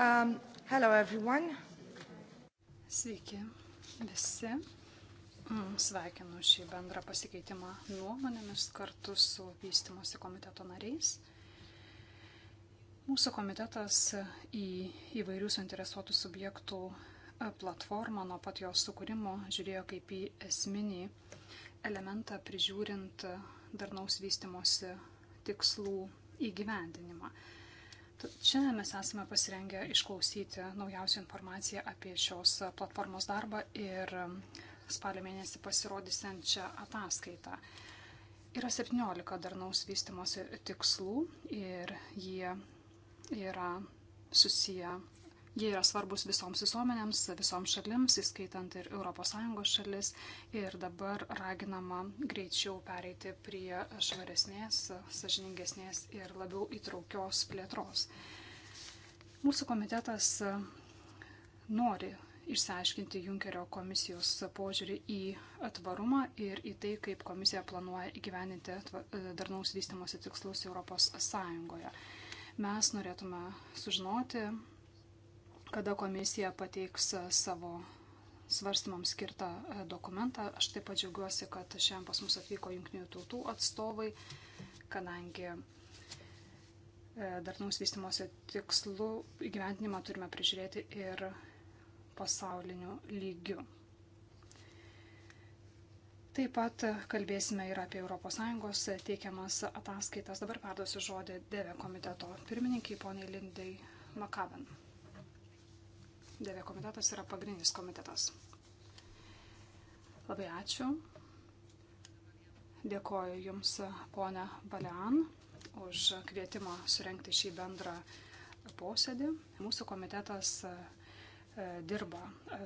Um, hello everyone. Sveiki visi. Mm, sveikinu šį bendrą pasikeitimą nuomonėmis kartu su vystimosi komiteto nariais. Mūsų komitetas į įvairių suinteresuotų subjektų e, platformą nuo pat jos sukūrimo žiūrėjo kaip į esminį elementą prižiūrint darnaus vystimosi tikslų įgyvendinimą. Šiandien mes esame pasirengę išklausyti naujausią informaciją apie šios platformos darbą ir um, spalio mėnesį pasirodysiančią ataskaitą. Yra 17 darnaus vystimosi tikslų ir jie yra susiję Jie yra svarbus visoms visuomenėms, visoms šalims, įskaitant ir ES šalis. Ir dabar raginama greičiau pereiti prie švaresnės, sažiningesnės ir labiau įtraukios plėtros. Mūsų komitetas nori išsiaiškinti Junkerio komisijos požiūrį į tvarumą ir į tai, kaip komisija planuoja įgyveninti darnaus vystimosi tikslus ES. Mes norėtume sužinoti, kada komisija pateiks e, savo svarstymams skirtą e, dokumentą. Aš taip pat džiaugiuosi, kad šiandien pas mus atvyko jungtinių tautų atstovai, kadangi e, darnaus vystimuose tikslų įgyventinimą turime prižiūrėti ir pasauliniu lygiu. Taip pat kalbėsime ir apie ES teikiamas ataskaitas. Dabar perduosiu žodį Deve komiteto pirmininkai poniai Lindai Makaben. Dėvė komitetas yra pagrindinis komitetas. Labai ačiū. Dėkoju Jums, ponė Balean, už kvietimą surenkti šį bendrą posėdį. Mūsų komitetas E, dirba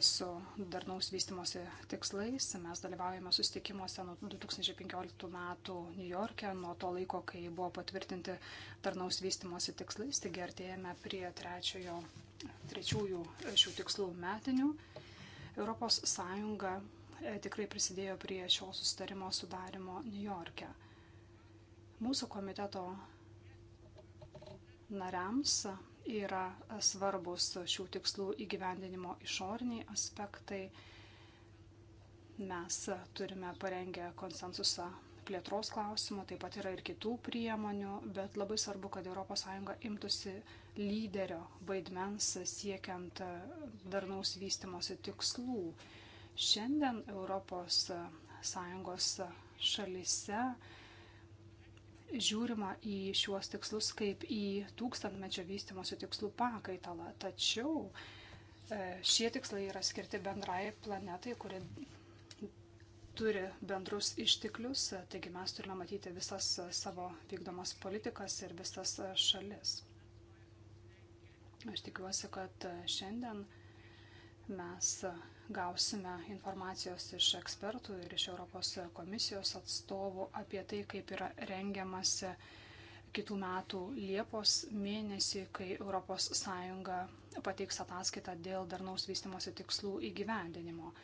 su darnaus vystimosi tikslais. Mes dalyvaujame susitikimuose nuo 2015 metų New York'e, nuo to laiko, kai buvo patvirtinti darnaus vystimosi tikslais, taigi artėjame prie trečiojo, trečiųjų šių tikslų metinių. ES e, tikrai prisidėjo prie šio sustarimo sudarimo New York'e. Mūsų komiteto nariams yra svarbus šių tikslų įgyvendinimo išoriniai aspektai. Mes turime parengę konsensusą plėtros klausimų, taip pat yra ir kitų priemonių, bet labai svarbu, kad ES imtųsi lyderio vaidmens siekiant darnaus vystimosi tikslų. Šiandien ES šalise žiūrima į šiuos tikslus kaip į tūkstantmečio vystimosi tikslų pakaitalą, tačiau e, šie tikslai yra skirti bendrai planetai, kuri turi bendrus išteklius, taigi mes turime matyti visas savo vykdomas politikas ir visas šalis. Aš tikiuosi, kad šiandien mes gausime informacijos iš ekspertų ir iš Europos komisijos atstovų apie tai, kaip yra rengiamas kitų metų Liepos mėnesį, kai ES pateiks ataskaitą dėl darnaus vystimosi tikslų įgyvendinimo.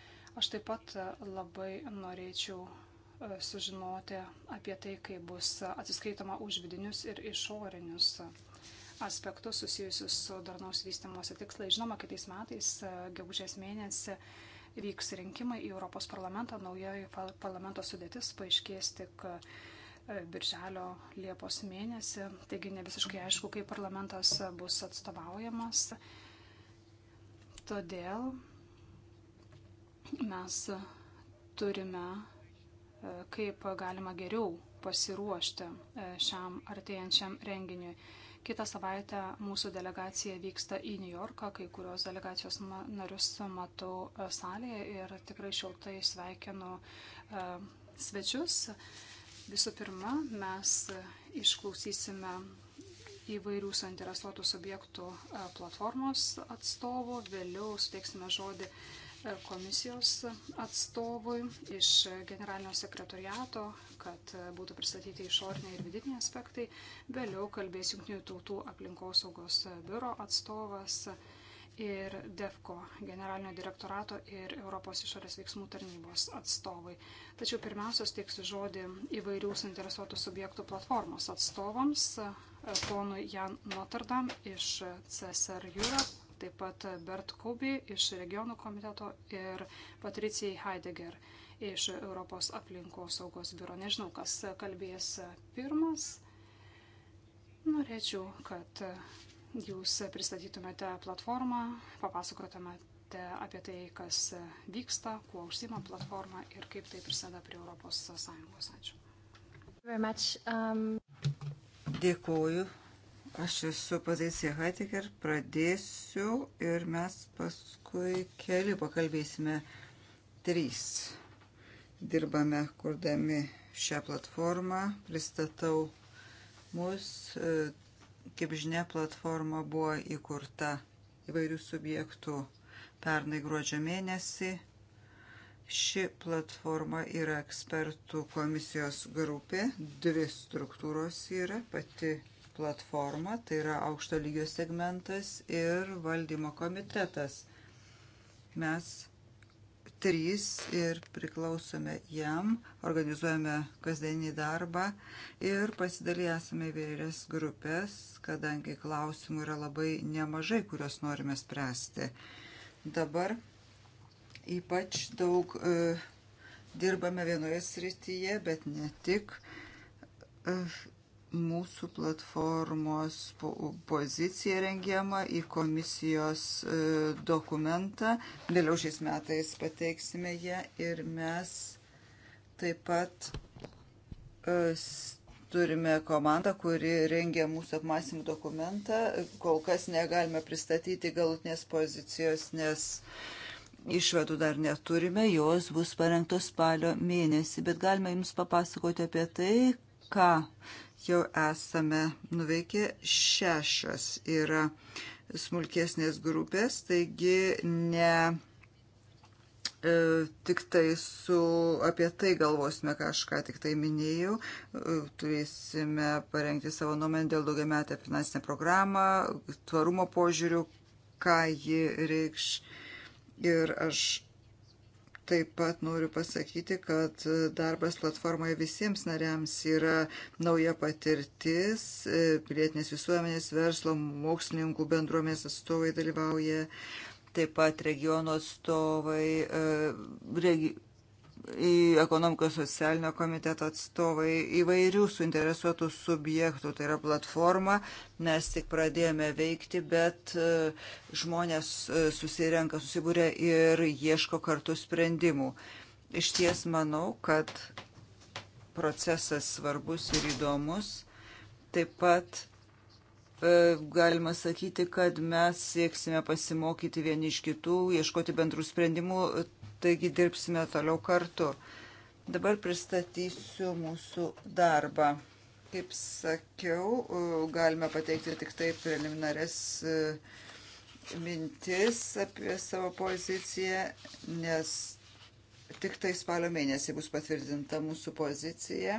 Aš taip pat labai norėčiau e, sužinoti apie tai, kaip bus atsiskaitama už vidinius ir išorinius aspektus susijusius su darnaus vystimosi tikslai. Žinoma, kitais metais, e, gegužės mėnesį, vyks rinkimai į Europos parlamentą, naujoji parlamento sudėtis paaiškės tik e, birželio Liepos mėnesį, taigi ne visiškai aišku, kaip parlamentas bus atstovaujamas. Todėl mes turime, e, kaip galima geriau pasiruošti šiam artėjančiam renginiui. Kita savaitė mūsų delegacija vyksta į New Yorką, kai kurios delegacijos narius matau e, salėje ir tikrai šiltai sveikinu e, svečius. Visų pirma, mes išklausysime įvairių suinteresuotų subjektų e, platformos atstovų, vėliau suteiksime žodį komisijos atstovui iš generalinio sekretoriato kad būtų pristatyti išoriniai ir vidiniai aspektai. Vėliau kalbės Junktinių tautų aplinkosaugos biuro atstovas ir DEFCO generalinio direktorato ir Europos išorės veiksmų tarnybos atstovai. Tačiau pirmiausia, steiksiu žodį įvairių suinteresuotų subjektų platformos atstovams, ponui Jan Notardam iš CSR Europe, taip pat Bert Kubi iš regionų komiteto ir Patricijai Heidegger iš Europos aplinkos saugos biuro. Nežinau, kas kalbės pirmas. Norėčiau, kad jūs pristatytumėte platformą, papasakotumėte apie tai, kas vyksta, kuo užsima platforma ir kaip tai prisėda prie Europos Sąjungos. Ačiū. Um... Dėkuoju. Aš esu Pazaisė Hatiker, pradėsiu ir mes paskui keli pakalbėsime trys dirbame kurdami šią platformą. Pristatau mus. E, kaip žinia, platforma buvo įkurta įvairių subjektų pernai gruodžio mėnesį. Ši platforma yra ekspertų komisijos grupė, dvi struktūros yra, pati platforma, tai yra aukšto lygio segmentas ir valdymo komitetas. Mes trys ir priklausome jam, organizuojame kasdienį darbą ir pasidalėsime įvairias grupės, kadangi klausimų yra labai nemažai, kuriuos norime spręsti. Dabar ypač daug e, dirbame vienoje srityje, bet ne tik. E, mūsų platformos pozicija rengiama į komisijos e, dokumentą. Vėliau šiais metais pateiksime ją ir mes taip pat e, turime komandą, kuri rengia mūsų apmąstymų dokumentą. Kol kas negalime pristatyti galutinės pozicijos, nes išvadų dar neturime, jos bus parengtos spalio mėnesį, bet galime jums papasakoti apie tai, ką jau esame nuveikę šešios yra smulkesnės grupės, taigi ne e, tik tai su apie tai galvosime, ką aš ką tik tai minėjau, e, turėsime parengti savo nuomonę dėl daugiametę finansinę programą, tvarumo požiūrių, ką ji reikš. Ir aš Taip pat noriu pasakyti, kad darbas platformoje visiems nariams yra nauja patirtis. Pilietinės visuomenės, verslo, mokslininkų bendruomenės atstovai dalyvauja. Taip pat regiono atstovai, e, regi į ekonomikos socialinio komiteto atstovai įvairių suinteresuotų subjektų, tai yra platforma, mes tik pradėjome veikti, bet e, žmonės e, susirenka, susibūrė ir ieško kartu sprendimų. Iš ties manau, kad procesas svarbus ir įdomus. Taip pat e, galima sakyti, kad mes sieksime pasimokyti vieni iš kitų, ieškoti bendrų sprendimų taigi dirbsime toliau kartu. Dabar pristatysiu mūsų darbą. Kaip sakiau, galime pateikti tik tai preliminares e, mintis apie savo poziciją, nes tik tai spalio mėnesį bus patvirtinta mūsų pozicija.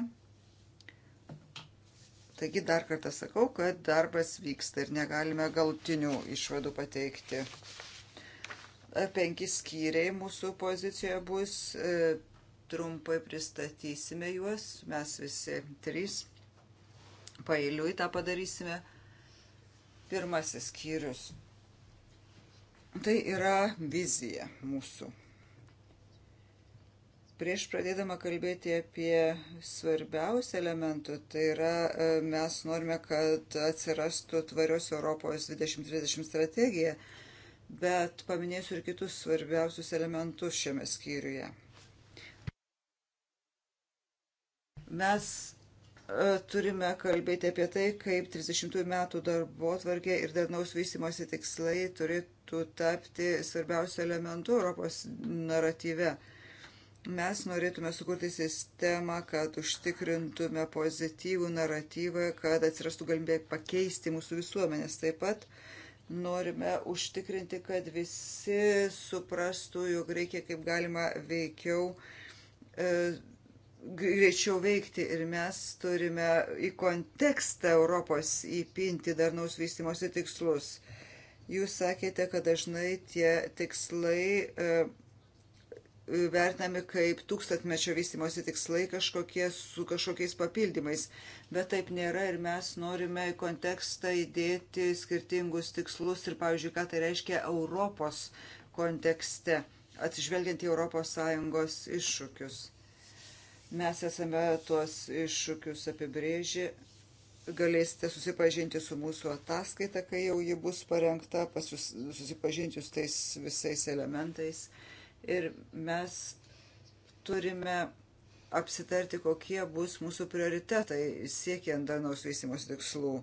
Taigi dar kartą sakau, kad darbas vyksta ir negalime galtinių išvadų pateikti penki skyriai mūsų pozicijoje bus, e, trumpai pristatysime juos, mes visi trys pailiui tą padarysime. Pirmasis skyrius. Tai yra vizija mūsų. Prieš pradėdama kalbėti apie svarbiausią elementų, tai yra e, mes norime, kad atsirastų tvarios Europos 2030 strategija bet paminėsiu ir kitus svarbiausius elementus šiame skyriuje. Mes e, turime kalbėti apie tai, kaip 30 metų darbo tvarkė ir darnaus vystimosi tikslai turėtų tapti svarbiausiu elementu Europos naratyve. Mes norėtume sukurti sistemą, kad užtikrintume pozityvų naratyvą, kad atsirastų galimybė pakeisti mūsų visuomenės. Taip pat uh, Norime užtikrinti, kad visi suprastų, jog reikia kaip galima veikiau, e, greičiau veikti ir mes turime į kontekstą Europos įpinti darnaus vystimosi tikslus. Jūs sakėte, kad dažnai tie tikslai e, vertinami kaip tūkstantmečio vystimosi tikslai kažkokie su kažkokiais papildymais, bet taip nėra ir mes norime į kontekstą įdėti skirtingus tikslus ir, pavyzdžiui, ką tai reiškia Europos kontekste, atsižvelgiant į ES iššūkius. Mes esame tuos iššūkius apibrėžę, galėsite susipažinti su mūsų ataskaita, kai jau ji bus parengta, susipažinti su tais visais elementais ir mes turime apsitarti, kokie bus mūsų prioritetai siekiant darnaus veisimus tikslų.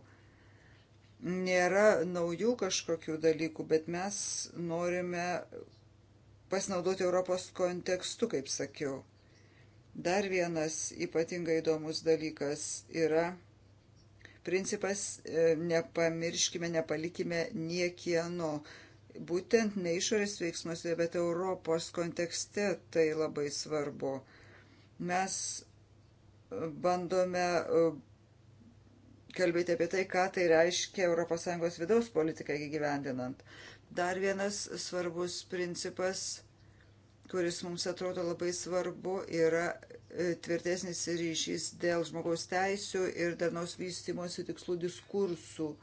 Nėra naujų kažkokių dalykų, bet mes norime pasinaudoti Europos kontekstu, kaip sakiau. Dar vienas ypatingai įdomus dalykas yra principas e, nepamirškime, nepalikime niekieno. No būtent ne išorės veiksmuose, bet Europos kontekste tai labai svarbu. Mes e, bandome e, kalbėti apie tai, ką tai reiškia ES vidaus politikai gyvendinant. Dar vienas svarbus principas, kuris mums atrodo labai svarbu, yra e, tvirtesnis ryšys dėl žmogaus teisų ir darnaus vystimosi tikslų diskursų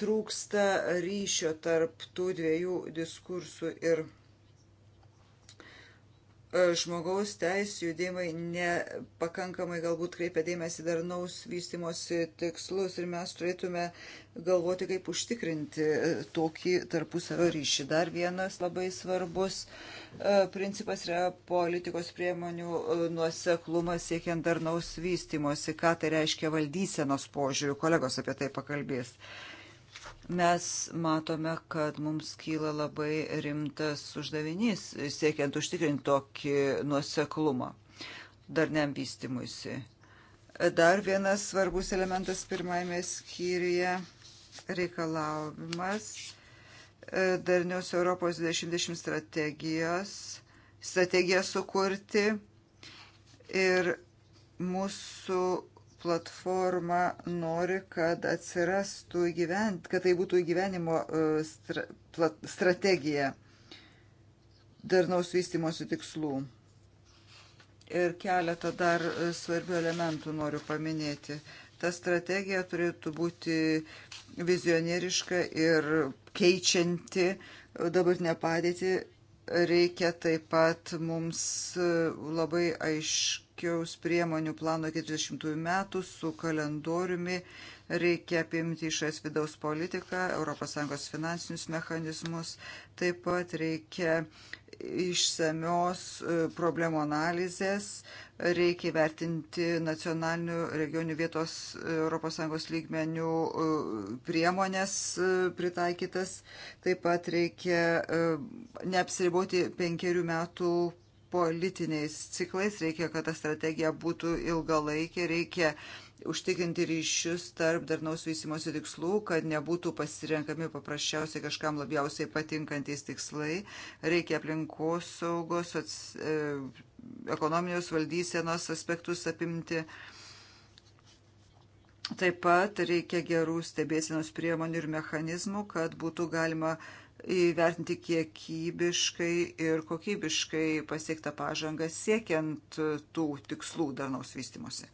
trūksta ryšio tarp tų dviejų diskursų ir e, žmogaus teisų judėjimai nepakankamai galbūt kreipia dėmesį darnaus vystimosi tikslus ir mes turėtume galvoti, kaip užtikrinti e, tokį tarpusavio ryšį. Dar vienas labai svarbus e, principas yra politikos priemonių nuoseklumas siekiant darnaus vystimosi. Ką tai reiškia valdysenos požiūrių, kolegos apie tai pakalbės. Mes matome, kad mums kyla labai rimtas uždavinys, siekiant užtikrinti tokį nuoseklumą darniam vystimuisi. Dar vienas svarbus elementas pirmajame skyriuje - reikalavimas e, darnios Europos 2020 strategijos, strategiją sukurti ir mūsų platforma nori, kad atsirastų gyvent, kad tai būtų gyvenimo e, stra, plat, strategija darnaus vystimosi tikslų. Ir keletą dar e, svarbių elementų noriu paminėti. Ta strategija turėtų būti vizionieriška ir keičianti dabartinę padėtį reikia taip pat mums e, labai aiškiaus priemonių plano 40 metų su kalendoriumi. Reikia apimti išės vidaus politiką, ES finansinius mechanizmus. Taip pat reikia išsamios e, problemų analizės, reikia vertinti nacionalinių regionių vietos ES lygmenių e, priemonės e, pritaikytas, taip pat reikia neapsiriboti penkerių metų politiniais ciklais, reikia, kad ta strategija būtų ilgalaikė, reikia uh, užtikrinti ryšius tarp darnaus vystimosi tikslų, kad nebūtų pasirenkami paprasčiausiai kažkam labiausiai patinkantys tikslai. Reikia aplinkos saugos, soc, e, ekonomijos valdysenos aspektus apimti. Taip pat reikia gerų stebėsienos priemonių ir mechanizmų, kad būtų galima įvertinti kiekybiškai ir kokybiškai pasiektą pažangą siekiant tų tikslų darnaus vystimosi.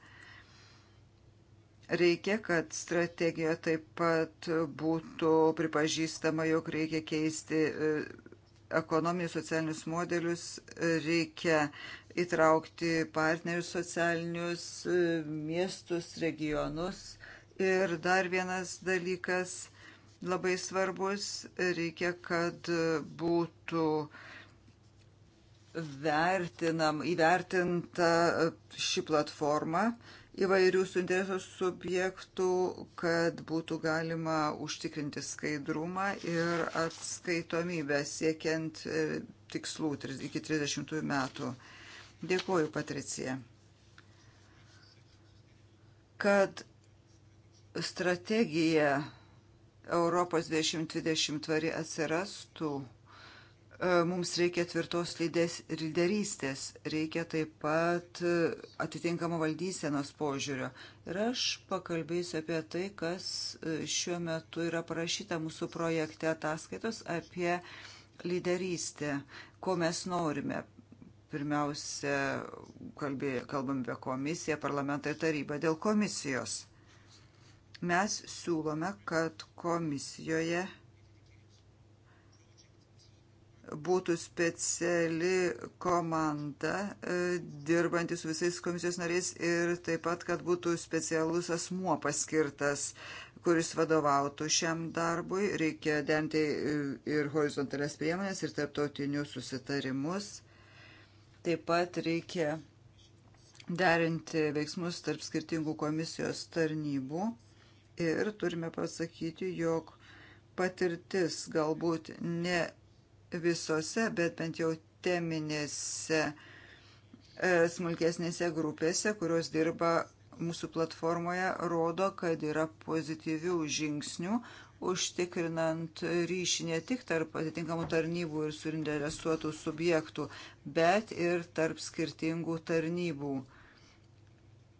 Reikia, kad strategijoje taip pat būtų pripažįstama, jog reikia keisti e, ekonominius socialinius modelius, reikia įtraukti partnerius socialinius, e, miestus, regionus. Ir dar vienas dalykas labai svarbus, reikia, kad būtų vertinam, įvertinta e, ši platforma įvairių suinteresuotų subjektų, kad būtų galima užtikrinti skaidrumą ir atskaitomybę siekiant e, tikslų iki 30 metų. Dėkuoju, Patricija. Kad strategija Europos 2020 tvari atsirastų, E, mums reikia tvirtos lyderystės, reikia taip pat e, atitinkamo valdysenos požiūrio. Ir aš pakalbėsiu apie tai, kas e, šiuo metu yra parašyta mūsų projekte ataskaitos apie lyderystę, ko mes norime pirmiausia, kalbė, kalbam apie komisiją, parlamentą ir tarybą. Dėl komisijos mes siūlome, kad komisijoje būtų speciali komanda, e, dirbanti su visais komisijos nariais ir taip pat, kad būtų specialus asmuo paskirtas, kuris vadovautų šiam darbui. Reikia denti e, ir horizontalias priemonės, ir tarptautinius susitarimus. Taip pat reikia derinti veiksmus tarp skirtingų komisijos tarnybų. Ir turime pasakyti, jog patirtis galbūt ne visose, bet bent jau teminėse e, smulkesnėse grupėse, kurios dirba mūsų platformoje, rodo, kad yra pozityvių žingsnių, užtikrinant ryšį ne tik tarp atitinkamų tarnybų ir surinteresuotų subjektų, bet ir tarp skirtingų tarnybų.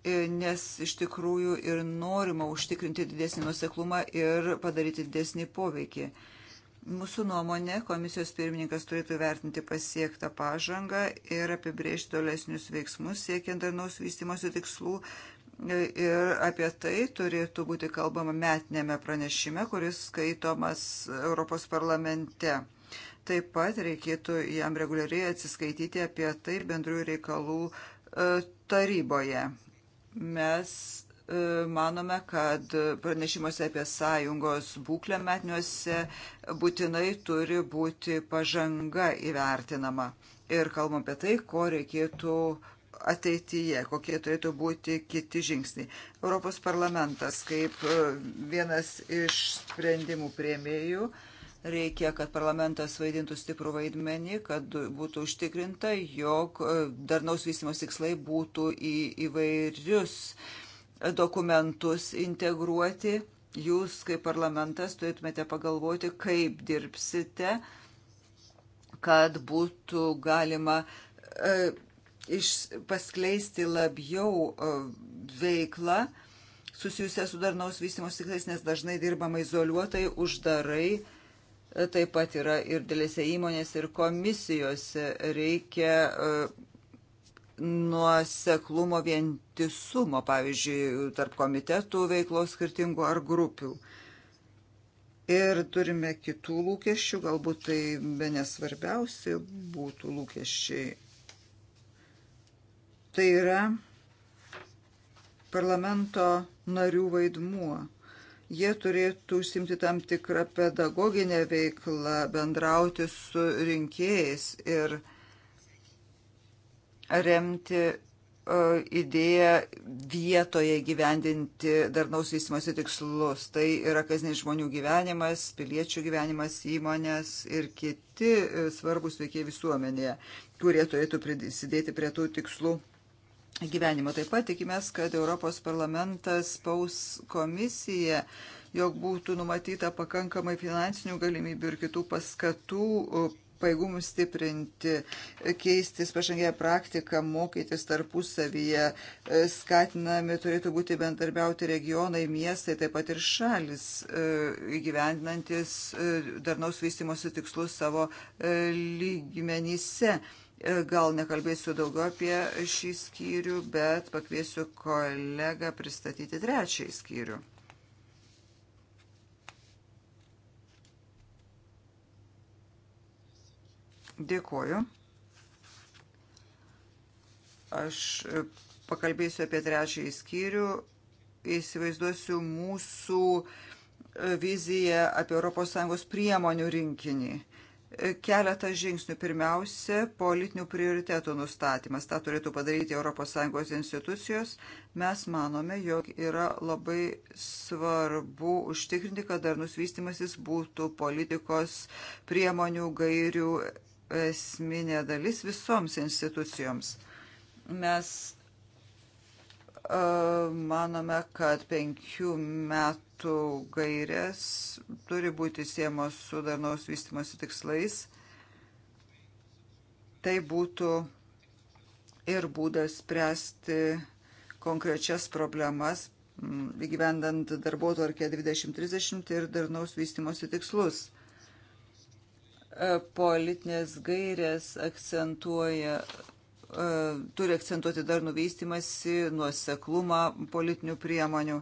E, nes iš tikrųjų ir norima užtikrinti didesnį nuseklumą ir padaryti didesnį poveikį. Mūsų nuomonė, komisijos pirmininkas turėtų vertinti pasiektą pažangą ir apibrėžti tolesnius veiksmus siekiant darnaus vystimosi tikslų. Ir apie tai turėtų būti kalbama metinėme pranešime, kuris skaitomas Europos parlamente. Taip pat reikėtų jam reguliariai atsiskaityti apie tai bendrųjų reikalų e, taryboje. Mes E, manome, kad pranešimuose apie sąjungos būklę metniuose būtinai turi būti pažanga įvertinama. Ir kalbam apie tai, ko reikėtų ateityje, kokie turėtų būti kiti žingsniai. Europos parlamentas kaip e, vienas iš sprendimų prieimėjų reikia, kad parlamentas vaidintų stiprų vaidmenį, kad būtų užtikrinta, jog e, darnaus vystimos tikslai būtų į įvairius uh, dokumentus integruoti. Jūs kaip parlamentas turėtumėte pagalvoti, kaip dirbsite, kad būtų galima e, iš, paskleisti labiau e, veiklą susijusią su darnaus vystimos tiklais, nes dažnai dirbama izoliuotai, uždarai e, taip pat yra ir dėlėse įmonės, ir komisijose reikia e, nuoseklumo vientisumo, pavyzdžiui, tarp komitetų veiklos skirtingų ar grupių. Ir turime kitų lūkesčių, galbūt tai be nesvarbiausi būtų lūkesčiai. Tai yra parlamento narių vaidmuo jie turėtų užsimti tam tikrą pedagoginę veiklą, bendrauti su rinkėjais ir remti e, idėją vietoje gyvendinti darnaus vystimosi tikslus. Tai yra kasdien žmonių gyvenimas, piliečių gyvenimas, įmonės ir kiti e, svarbus veikiai visuomenėje, kurie turėtų prisidėti prie tų tikslų gyvenimo. Taip pat tikimės, kad Europos parlamentas spaus komisiją, jog būtų numatyta pakankamai finansinių galimybių ir kitų paskatų paėgumų stiprinti, keistis pažangę praktiką, mokytis tarpusavyje, e, skatinami turėtų būti bendarbiauti regionai, miestai, taip pat ir šalis, e, įgyvendinantis e, darnaus vystimosi tikslus savo lygmenyse. Gal nekalbėsiu daugiau apie šį skyrių, bet pakviesiu kolegą pristatyti trečiąjį skyrių. Dėkuoju. Aš e, pakalbėsiu apie trečiąjį skyrių. Įsivaizduosiu mūsų e, viziją apie ES priemonių rinkinį. E, keletą žingsnių. Pirmiausia, politinių prioritetų nustatymas. Ta turėtų padaryti ES institucijos. Mes manome, jog yra labai svarbu užtikrinti, kad darnus vystimasis būtų politikos priemonių gairių esminė dalis visoms institucijoms. Mes e, manome, kad penkių metų gairės turi būti siemos su darnaus vystimosi tikslais. Tai būtų ir būdas spręsti konkrečias problemas, įgyvendant darbo tvarkę 2030 ir darnaus vystimosi tikslus. E, politinės gairės akcentuoja, e, turi akcentuoti dar nuveistimasi, nuoseklumą politinių priemonių.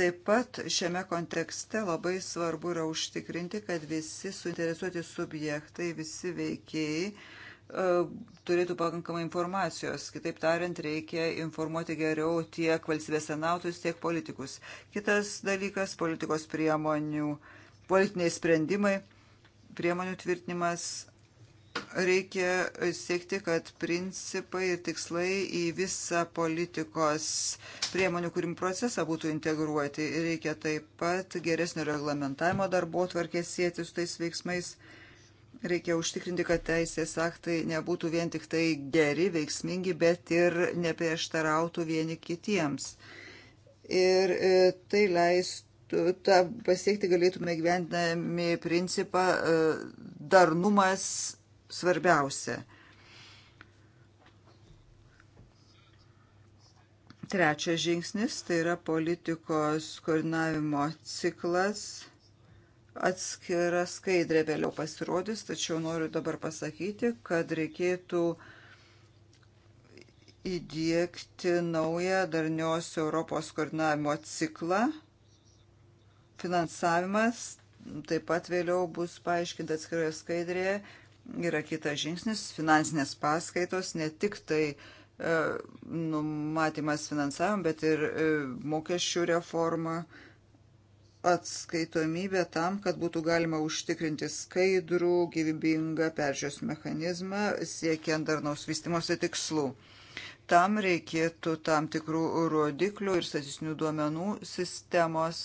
Taip pat šiame kontekste labai svarbu yra užtikrinti, kad visi suinteresuoti subjektai, visi veikėjai e, turėtų pakankamai informacijos. Kitaip tariant, reikia informuoti geriau tiek valstybės senautus, tiek politikus. Kitas dalykas - politikos priemonių, politiniai sprendimai priemonių tvirtinimas. Reikia siekti, kad principai ir tikslai į visą politikos priemonių kūrimų procesą būtų integruoti. Reikia taip pat geresnio reglamentavimo darbo tvarkės sieti su tais veiksmais. Reikia užtikrinti, kad teisės aktai nebūtų vien tik tai geri, veiksmingi, bet ir neprieštarautų vieni kitiems. Ir e, tai leistų tą pasiekti galėtume gyvendami principą e, darnumas svarbiausia. Trečias žingsnis tai yra politikos koordinavimo ciklas. Atskira skaidrė vėliau pasirodys, tačiau noriu dabar pasakyti, kad reikėtų uh, įdėkti naują darnios Europos koordinavimo ciklą Finansavimas taip pat vėliau bus paaiškinta atskiroje skaidrėje. Yra kitas žingsnis - finansinės paskaitos, ne tik tai e, numatymas finansavim, bet ir e, mokesčių reforma, atskaitomybė tam, kad būtų galima užtikrinti skaidrų, gyvybingą peržiūros mechanizmą, siekiant darnaus vystimosi tikslų. Tam reikėtų tam tikrų rodiklių ir statistinių duomenų sistemos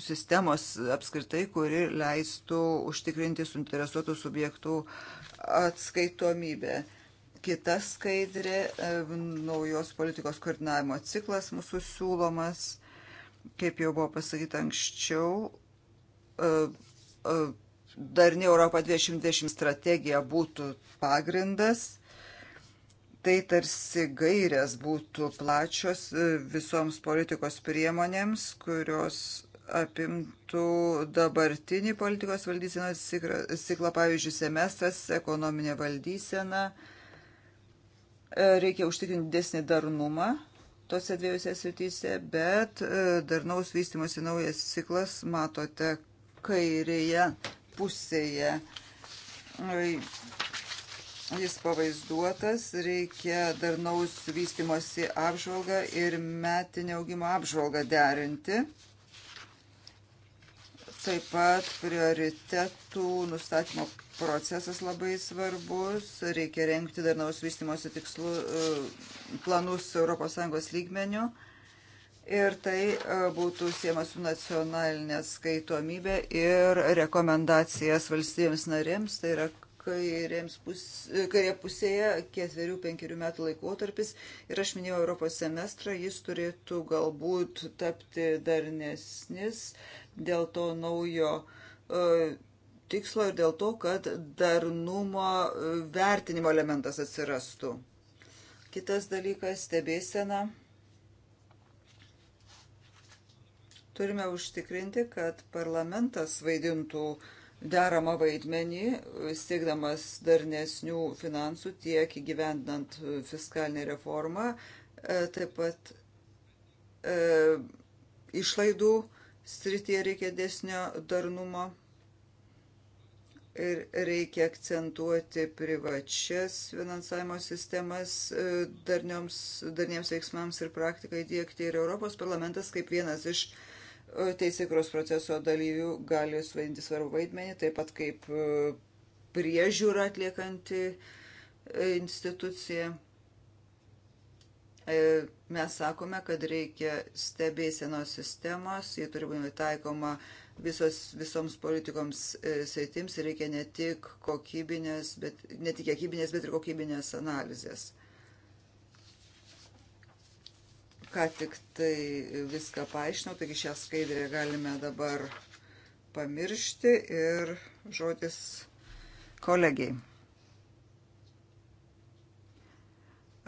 sistemos apskritai, kuri leistų užtikrinti suinteresuotų subjektų atskaitomybę. Kita skaidrė e, - naujos politikos koordinavimo ciklas mūsų siūlomas. Kaip jau buvo pasakyta anksčiau, e, e, darni Europa 2020 strategija būtų pagrindas tai tarsi gairės būtų plačios visoms politikos priemonėms, kurios apimtų dabartinį politikos valdysenos ciklą, pavyzdžiui, semestras, ekonominė valdysena. E, reikia užtikrinti desnį darnumą tose dviejose srityse, bet e, darnaus vystimosi naujas ciklas matote kairėje pusėje. Jis pavaizduotas, reikia darnaus vystimosi apžvalgą ir metinę augimo apžvalgą derinti. Taip pat prioritetų nustatymo procesas labai svarbus. Reikia renkti darnaus vystimosi tikslų e, planus ES lygmenių. Ir tai e, būtų siema su nacionalinė skaitomybė ir rekomendacijas valstybėms narėms. Tai yra pus, kairė pusėje ketverių, penkerių metų laikotarpis. Ir aš minėjau Europos semestrą, jis turėtų galbūt tapti darnesnis. Uh, dėl to naujo e, tikslo ir dėl to, kad darnumo e, vertinimo elementas atsirastų. Kitas dalykas - stebėsena. Turime užtikrinti, kad parlamentas vaidintų deramą vaidmenį, siekdamas darnesnių finansų tiek įgyvendinant e, fiskalinę reformą, taip pat e, išlaidų e, srityje reikia desnio darnumo ir reikia akcentuoti privačias finansavimo sistemas e, darnioms, darniems veiksmams ir praktikai dėkti. Ir Europos parlamentas kaip vienas iš e, teisėkros proceso dalyvių gali suvaidinti svarbu vaidmenį, taip pat kaip e, priežiūrą atliekanti institucija. E, mes sakome, kad reikia stebėsienos sistemos, jie turi būti taikoma visos, visoms politikoms e, sritims ir reikia ne tik kokybinės, bet ne tik kiekybinės, bet ir kokybinės analizės. Ką tik tai viską paaiškinau, taigi šią skaidrę galime dabar pamiršti ir žodis kolegiai.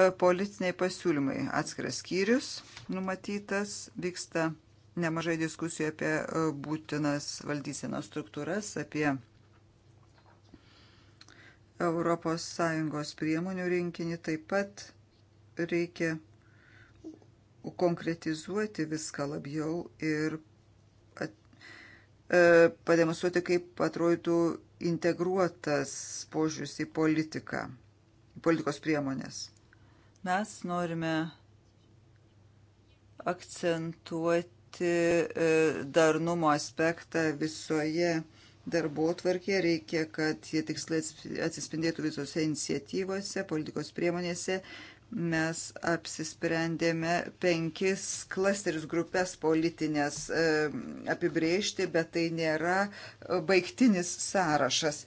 E, politiniai pasiūlymai. Atskiras skyrius numatytas, vyksta nemažai diskusijų apie e, būtinas valdysenos struktūras, apie ES priemonių rinkinį. Taip pat reikia konkretizuoti viską labiau ir e, pademonstruoti, kaip atrodytų integruotas požiūris į politiką, į politikos priemonės. Mes norime akcentuoti e, darnumo aspektą visoje darbo tvarkė, reikia, kad jie tikslai atsispindėtų visose iniciatyvose, politikos priemonėse. Mes apsisprendėme penkis klasterius grupės politinės e, apibriežti, bet tai nėra baigtinis sąrašas.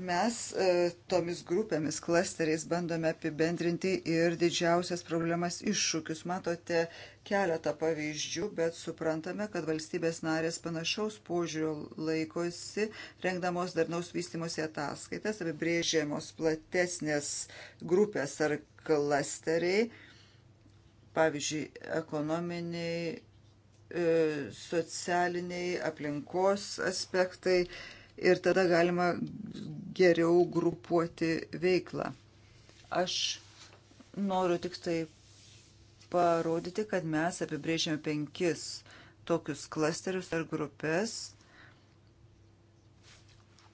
Mes e, tomis grupėmis, klasteriais bandome apibendrinti ir didžiausias problemas iššūkius. Matote keletą pavyzdžių, bet suprantame, kad valstybės narės panašaus požiūrio laikosi, rengdamos darnaus vystimosi ataskaitas, apibrėžiamos platesnės grupės ar klasteriai, pavyzdžiui, ekonominiai e, socialiniai aplinkos aspektai ir tada galima geriau grupuoti veiklą. Aš noriu tik tai parodyti, kad mes apibrėžėme penkis tokius klasterius ar grupės.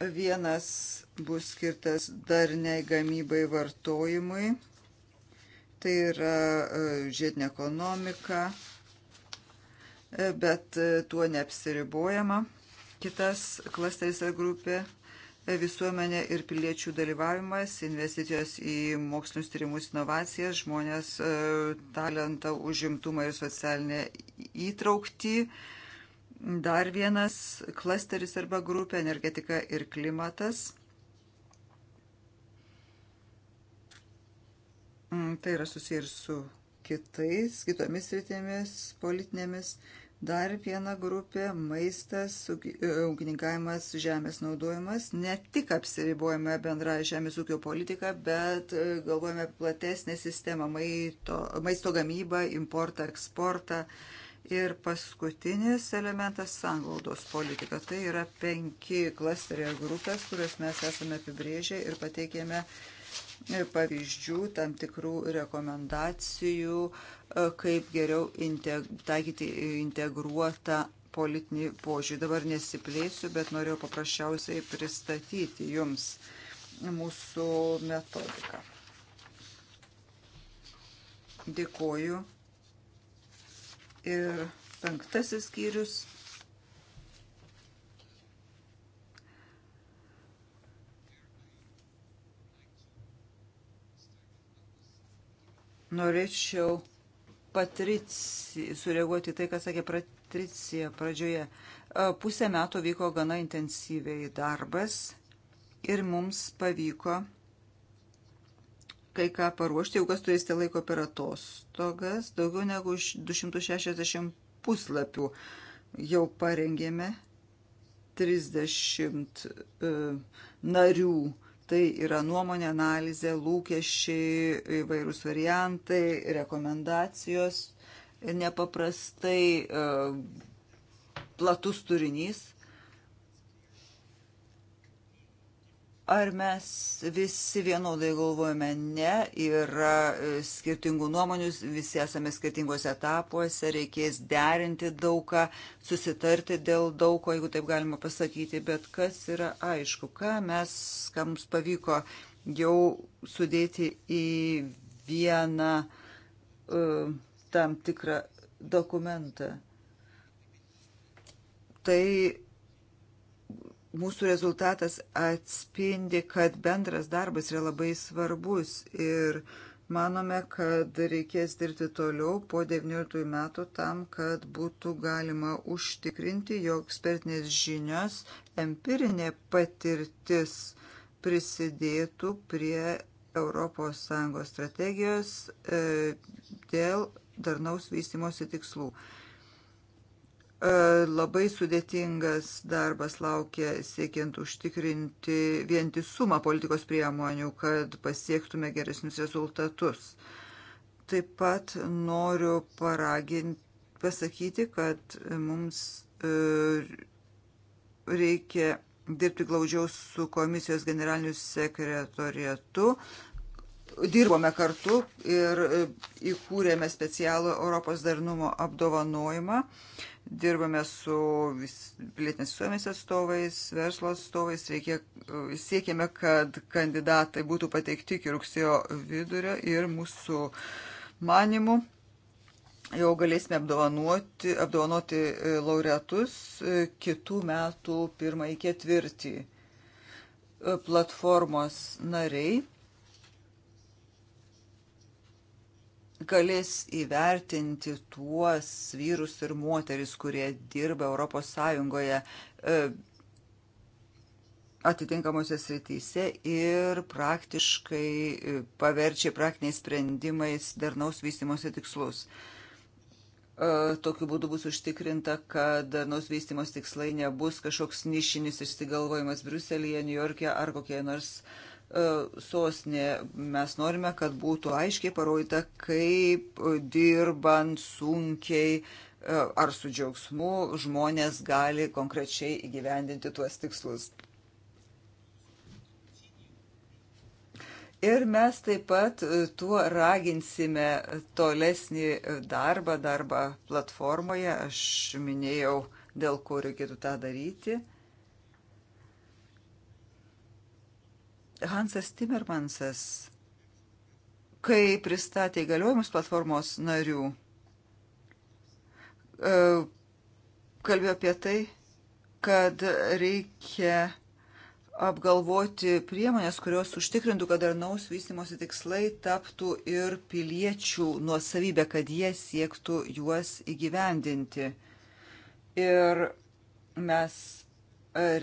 Vienas bus skirtas darniai gamybai vartojimui, tai yra e, žiedinė ekonomika, e, bet e, tuo neapsiribojama. Kitas klasteris ar grupė visuomenė ir piliečių dalyvavimas, investicijos į mokslinius tyrimus, inovacijas, žmonės e, talentą, užimtumą ir socialinę įtraukti. Dar vienas klasteris arba grupė - energetika ir klimatas. Mm, tai yra susiję ir su kitais, kitomis rytėmis, politinėmis. Dar viena grupė - maistas, e, ūkininkavimas, žemės naudojimas. Ne tik apsiribojame bendrą žemės ūkio politiką, bet e, galvojame platesnę sistemą - maisto, maisto gamybą, importą, eksportą. Ir paskutinis elementas - sanglaudos politika. Tai yra penki klasterio grupės, kurias mes esame apibrėžę ir pateikėme e, pavyzdžių, tam tikrų rekomendacijų, E, kaip geriau integ taikyti integruotą politinį požiūrį. Dabar nesiplėsiu, bet norėjau paprasčiausiai pristatyti jums mūsų metodiką. Dėkoju. Ir penktasis skyrius. Norėčiau Patricija, sureaguoti tai, ką sakė Patricija pradžioje. E, pusę metų vyko gana intensyviai darbas ir mums pavyko kai ką paruošti, jeigu kas turėsite laiko per atostogas, daugiau negu 260 puslapių jau parengėme 30 e, narių Tai yra nuomonė, analizė, lūkesčiai, įvairūs variantai, rekomendacijos, nepaprastai e, platus turinys Ar mes visi vienodai galvojame? Ne, yra e, skirtingų nuomonių, visi esame skirtingose etapuose, reikės derinti daugą, susitarti dėl daugo, jeigu taip galima pasakyti, bet kas yra aišku, ką mes, ką mums pavyko jau sudėti į vieną uh, tam tikrą dokumentą. Tai mūsų rezultatas atspindi, kad bendras darbas yra labai svarbus ir manome, kad reikės dirbti toliau po 19 metų tam, kad būtų galima užtikrinti, jog ekspertinės žinios, empirinė patirtis prisidėtų prie ES strategijos e, dėl darnaus vystimosi tikslų. E, labai sudėtingas darbas laukia siekiant užtikrinti vientisumą politikos priemonių, kad pasiektume geresnius rezultatus. Taip pat noriu paraginti, pasakyti, kad mums e, reikia dirbti glaudžiau su komisijos generaliniu sekretorietu. Dirbome kartu ir e, įkūrėme specialų Europos darnumo apdovanojimą dirbame su pilietinės visuomenės atstovais, verslo atstovais, reikia, e, siekiame, kad kandidatai būtų pateikti iki rugsėjo vidurio ir mūsų manimų jau galėsime apdovanoti, apdovanoti e, laureatus e, kitų metų pirmąjį ketvirtį. Platformos nariai galės įvertinti tuos vyrus ir moteris, kurie dirba Europos Sąjungoje e, atitinkamosios srityse ir praktiškai e, paverčia praktiniais sprendimais darnaus vystimosi tikslus. E, tokiu būdu bus užtikrinta, kad darnaus vystimos tikslai nebus kažkoks nišinis išsigalvojimas Bruselėje, Niujorke ar kokioje nors uh, E, sosnė. Mes norime, kad būtų aiškiai parodyta, kaip dirbant sunkiai e, ar su džiaugsmu žmonės gali konkrečiai įgyvendinti tuos tikslus. Ir mes taip pat e, tuo raginsime tolesnį darbą, darbą platformoje. Aš minėjau, dėl ko reikėtų tą daryti. Hansas Timmermansas, kai pristatė įgaliojimus platformos narių, e, kalbėjo apie tai, kad reikia apgalvoti priemonės, kurios užtikrintų, kad darnaus vystimosi tikslai taptų ir piliečių nuosavybė, kad jie siektų juos įgyvendinti. Ir mes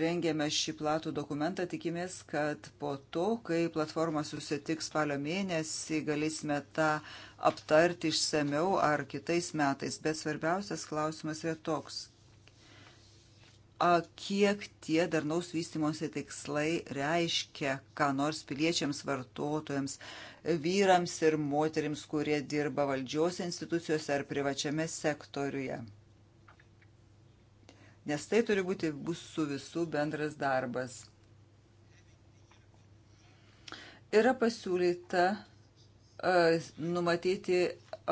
rengėme šį platų dokumentą, tikimės, kad po to, kai platforma susitiks spalio mėnesį, galėsime tą aptarti išsameu ar kitais metais. Bet svarbiausias klausimas yra toks. A, kiek tie darnaus vystimosi tikslai reiškia, ką nors piliečiams, vartotojams, vyrams ir moteriams, kurie dirba valdžios institucijose ar privačiame sektoriuje? nes tai turi būti su visų bendras darbas. Yra pasiūlyta uh, numatyti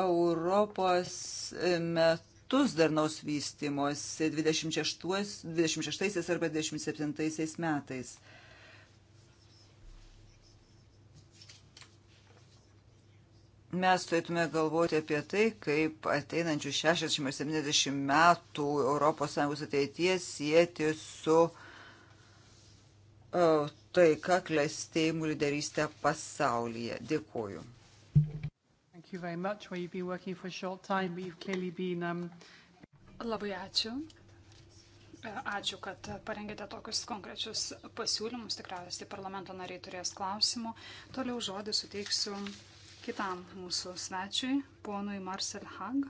Europos metus darnaus vystimosi 26, 26 arba 27 metais. mes turėtume galvoti apie tai, kaip ateinančių 60-70 metų ES ateities sieti su e, taika klestėjimų lyderystę pasaulyje. Dėkuoju. Um, Labai ačiū. E, ačiū, kad parengėte tokius konkrečius pasiūlymus. Tikriausiai parlamento nariai turės klausimų. Toliau žodį suteiksiu kitam mūsų svečiui, ponui Marcel Hag.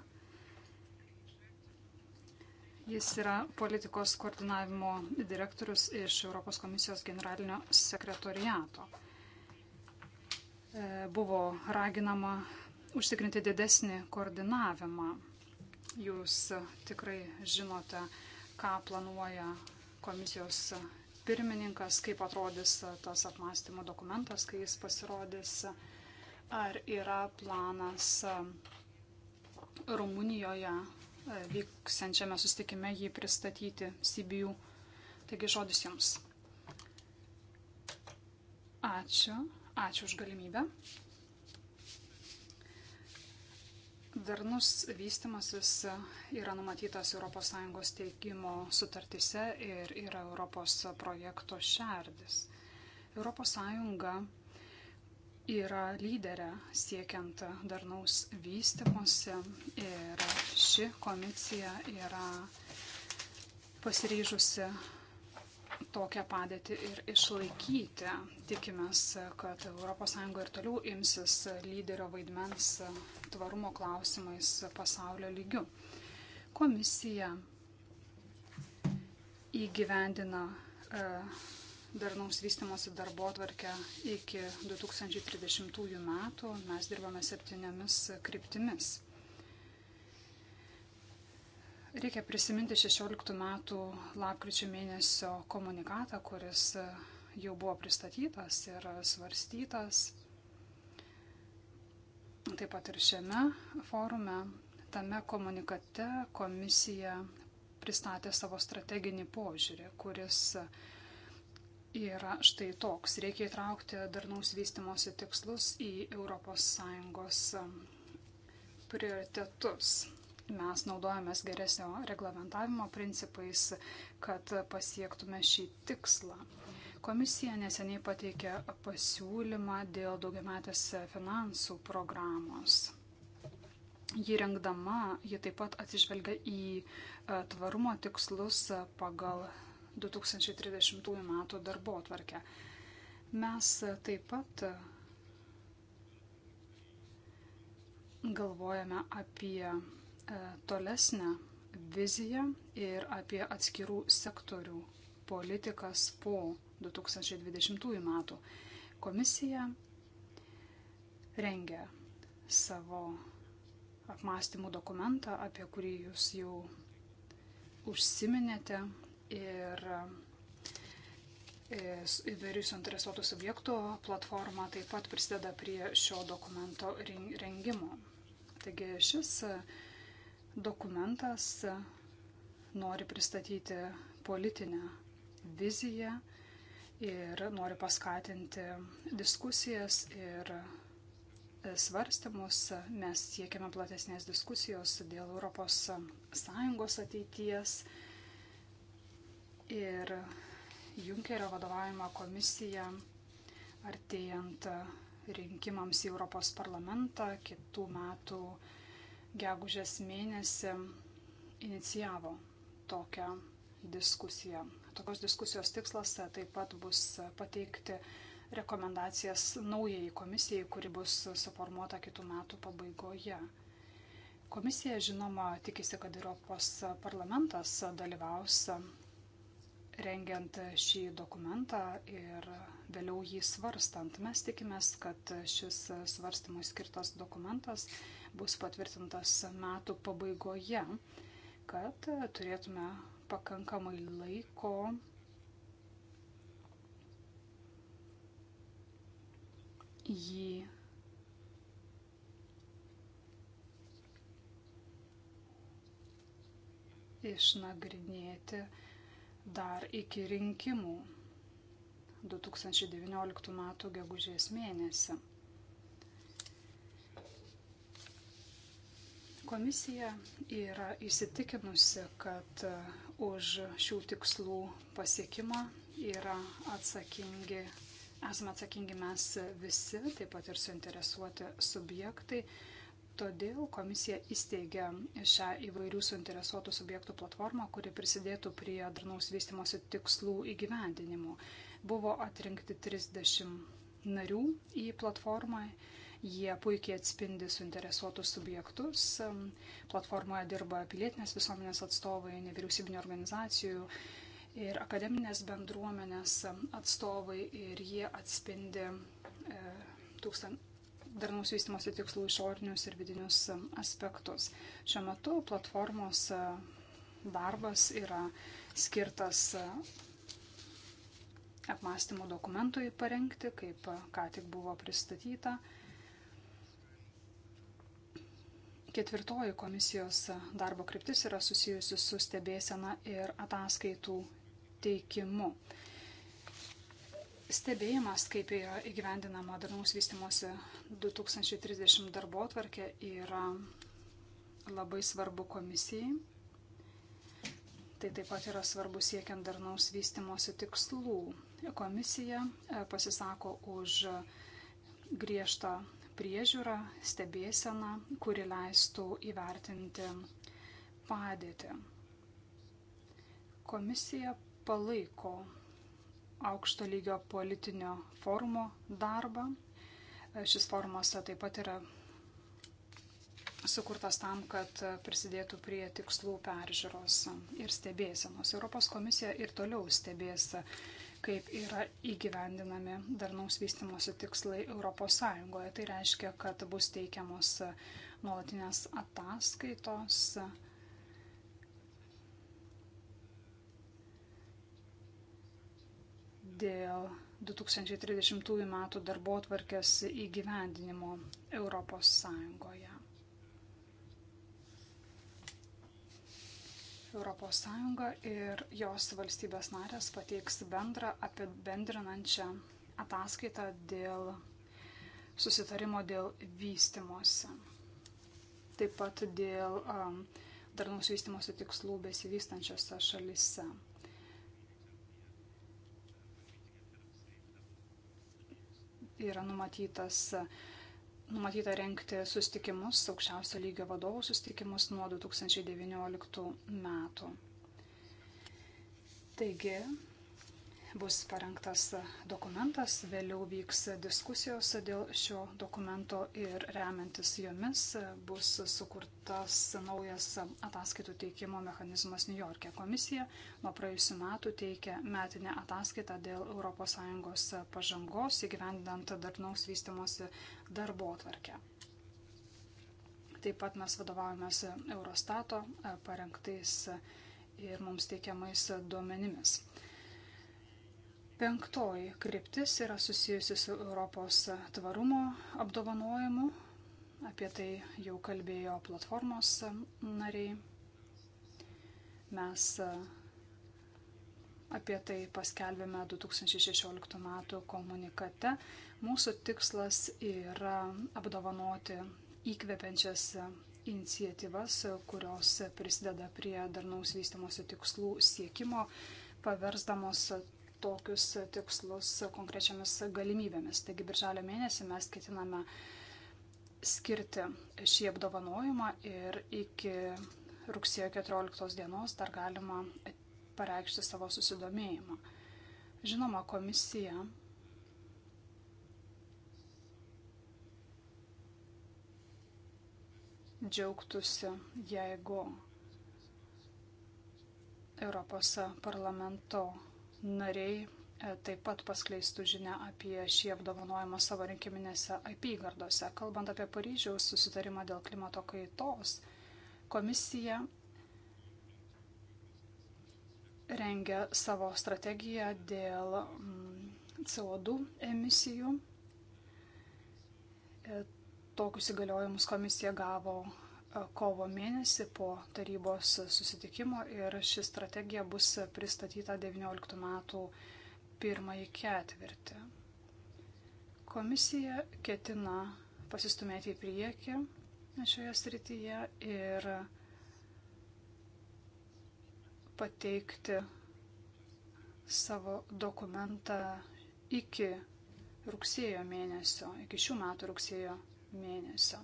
Jis yra politikos koordinavimo direktorius iš Europos komisijos generalinio sekretoriato. E, buvo raginama užtikrinti didesnį koordinavimą. Jūs tikrai žinote, ką planuoja komisijos pirmininkas, kaip atrodys tas apmąstymo dokumentas, kai jis pasirodys ar yra planas um, Rumunijoje e, vyksiančiame sustikime jį pristatyti Sibijų. Taigi žodis jums. Ačiū. Ačiū už galimybę. Darnus vystimasis yra numatytas ES teikimo sutartise ir yra Europos projekto šerdis. ES yra lyderė siekiant darnaus vystimosi ir ši komisija yra pasiryžusi tokią padėtį ir išlaikyti. Tikimės, kad ES ir toliau imsis lyderio vaidmens tvarumo klausimais pasaulio lygiu. Komisija įgyvendina e, darnaus vystimosi darbo atvarkę iki 2030 metų. Mes dirbame septyniomis kryptimis. Reikia prisiminti 16 metų lapkričio mėnesio komunikatą, kuris jau buvo pristatytas ir svarstytas. Taip pat ir šiame forume, tame komunikate komisija pristatė savo strateginį požiūrį, kuris yra štai toks. Reikia įtraukti darnaus vystimosi tikslus į ES um, prioritetus. Mes naudojamės geresnio reglamentavimo principais, kad pasiektume šį tikslą. Komisija neseniai pateikė pasiūlymą dėl daugiametės finansų programos. Jį rengdama, ji taip pat atsižvelgia į e, tvarumo tikslus pagal 2030 m. darbo atvarkę. Mes taip pat galvojame apie e, tolesnę viziją ir apie atskirų sektorių politikas po 2020 metų. Komisija rengia savo apmąstymų dokumentą, apie kurį jūs jau užsiminėte, ir e, įvairių suinteresuotų subjektų platforma taip pat prisideda prie šio dokumento rengimo. Taigi šis dokumentas nori pristatyti politinę viziją ir nori paskatinti diskusijas ir svarstymus. Mes siekiame platesnės diskusijos dėl ES ateities ir Junkerio vadovaujama komisija artėjant rinkimams į Europos parlamentą kitų metų gegužės mėnesį inicijavo tokią diskusiją. Tokios diskusijos tikslas taip pat bus pateikti rekomendacijas naujai komisijai, kuri bus suformuota kitų metų pabaigoje. Komisija, žinoma, tikisi, kad Europos parlamentas dalyvaus rengiant šį dokumentą ir vėliau jį svarstant. Mes tikimės, kad šis svarstymui skirtas dokumentas bus patvirtintas metų pabaigoje, kad turėtume pakankamai laiko jį išnagrinėti dar iki rinkimų 2019 m. gegužės mėnesį. Komisija yra įsitikinusi, kad uh, už šių tikslų pasiekimą yra atsakingi, esame atsakingi mes visi, taip pat ir suinteresuoti subjektai. Todėl komisija įsteigė šią įvairių suinteresuotų subjektų platformą, kuri prisidėtų prie darnaus vystimosi tikslų įgyvendinimo. Buvo atrinkti 30 narių į platformą. Jie puikiai atspindi suinteresuotus subjektus. Platformoje dirba pilietinės visuomenės atstovai, nevyriausybinio organizacijų ir akademinės bendruomenės atstovai ir jie atspindi e, tūkstant darnaus vystimosi tikslų išorinius ir vidinius um, aspektus. Šiuo metu platformos uh, darbas yra skirtas uh, apmąstymo dokumentui parengti, kaip uh, ką tik buvo pristatyta. Ketvirtoji komisijos darbo kryptis yra susijusi su stebėsena ir ataskaitų teikimu. Stebėjimas, kaip yra įgyvendinama darnaus vystimosi 2030 darbo atvarkė, yra labai svarbu komisijai. Tai taip pat yra svarbu siekiant darnaus vystimosi tikslų. Komisija e, pasisako už griežtą priežiūrą, stebėseną, kuri leistų įvertinti padėtį. Komisija palaiko aukšto lygio politinio forumo darbą. Šis forumas taip pat yra sukurtas tam, kad prisidėtų prie tikslų peržiūros ir stebėsenos. Europos komisija ir toliau stebės, kaip yra įgyvendinami darnaus vystimosi tikslai ES. Tai reiškia, kad bus teikiamos nuolatinės ataskaitos dėl 2030 metų darbo tvarkės įgyvendinimo Europos Sąjungoje. Europos Sąjunga ir jos valstybės narės pateiks bendrą apibendrinančią ataskaitą dėl susitarimo dėl vystimosi. Taip pat dėl um, darnaus vystimosi tikslų besivystančiose šalise. yra numatytas, numatyta renkti sustikimus, aukščiausio lygio vadovų sustikimus nuo 2019 metų. Taigi, bus parengtas dokumentas, vėliau vyks diskusijos dėl šio dokumento ir remiantis jomis bus sukurtas naujas ataskaitų teikimo mechanizmas New York'e. Komisija nuo praėjusiu metu teikia metinę ataskaitą dėl ES pažangos įgyvendinant darnaus vystimosi darbo atvarkę. Taip pat mes vadovaujamės Eurostato parengtais ir mums teikiamais duomenimis. Penktoji kryptis yra susijusi su Europos tvarumo apdovanojimu. Apie tai jau kalbėjo platformos nariai. Mes e, apie tai paskelbėme 2016 m. komunikate. Mūsų tikslas yra apdovanoti įkvepiančias iniciatyvas, kurios prisideda prie darnaus vystimosi tikslų siekimo, paversdamos tokius tikslus konkrečiamis galimybėmis. Taigi, birželio mėnesį mes ketiname skirti šį apdovanojimą ir iki rugsėjo 14 dienos dar galima pareikšti savo susidomėjimą. Žinoma, komisija džiaugtųsi, jeigu Europos parlamento nariai e, taip pat paskleistų žinę apie šį apdovanojimą savo rinkiminėse apygardose. Kalbant apie Paryžiaus susitarimą dėl klimato kaitos, komisija rengia savo strategiją dėl mm, CO2 emisijų. E, tokius įgaliojimus komisija gavo kovo mėnesį po tarybos susitikimo ir ši strategija bus pristatyta 19 metų pirmąjį ketvirtį. Komisija ketina pasistumėti į priekį šioje srityje ir pateikti savo dokumentą iki rugsėjo mėnesio, iki šių metų rugsėjo mėnesio.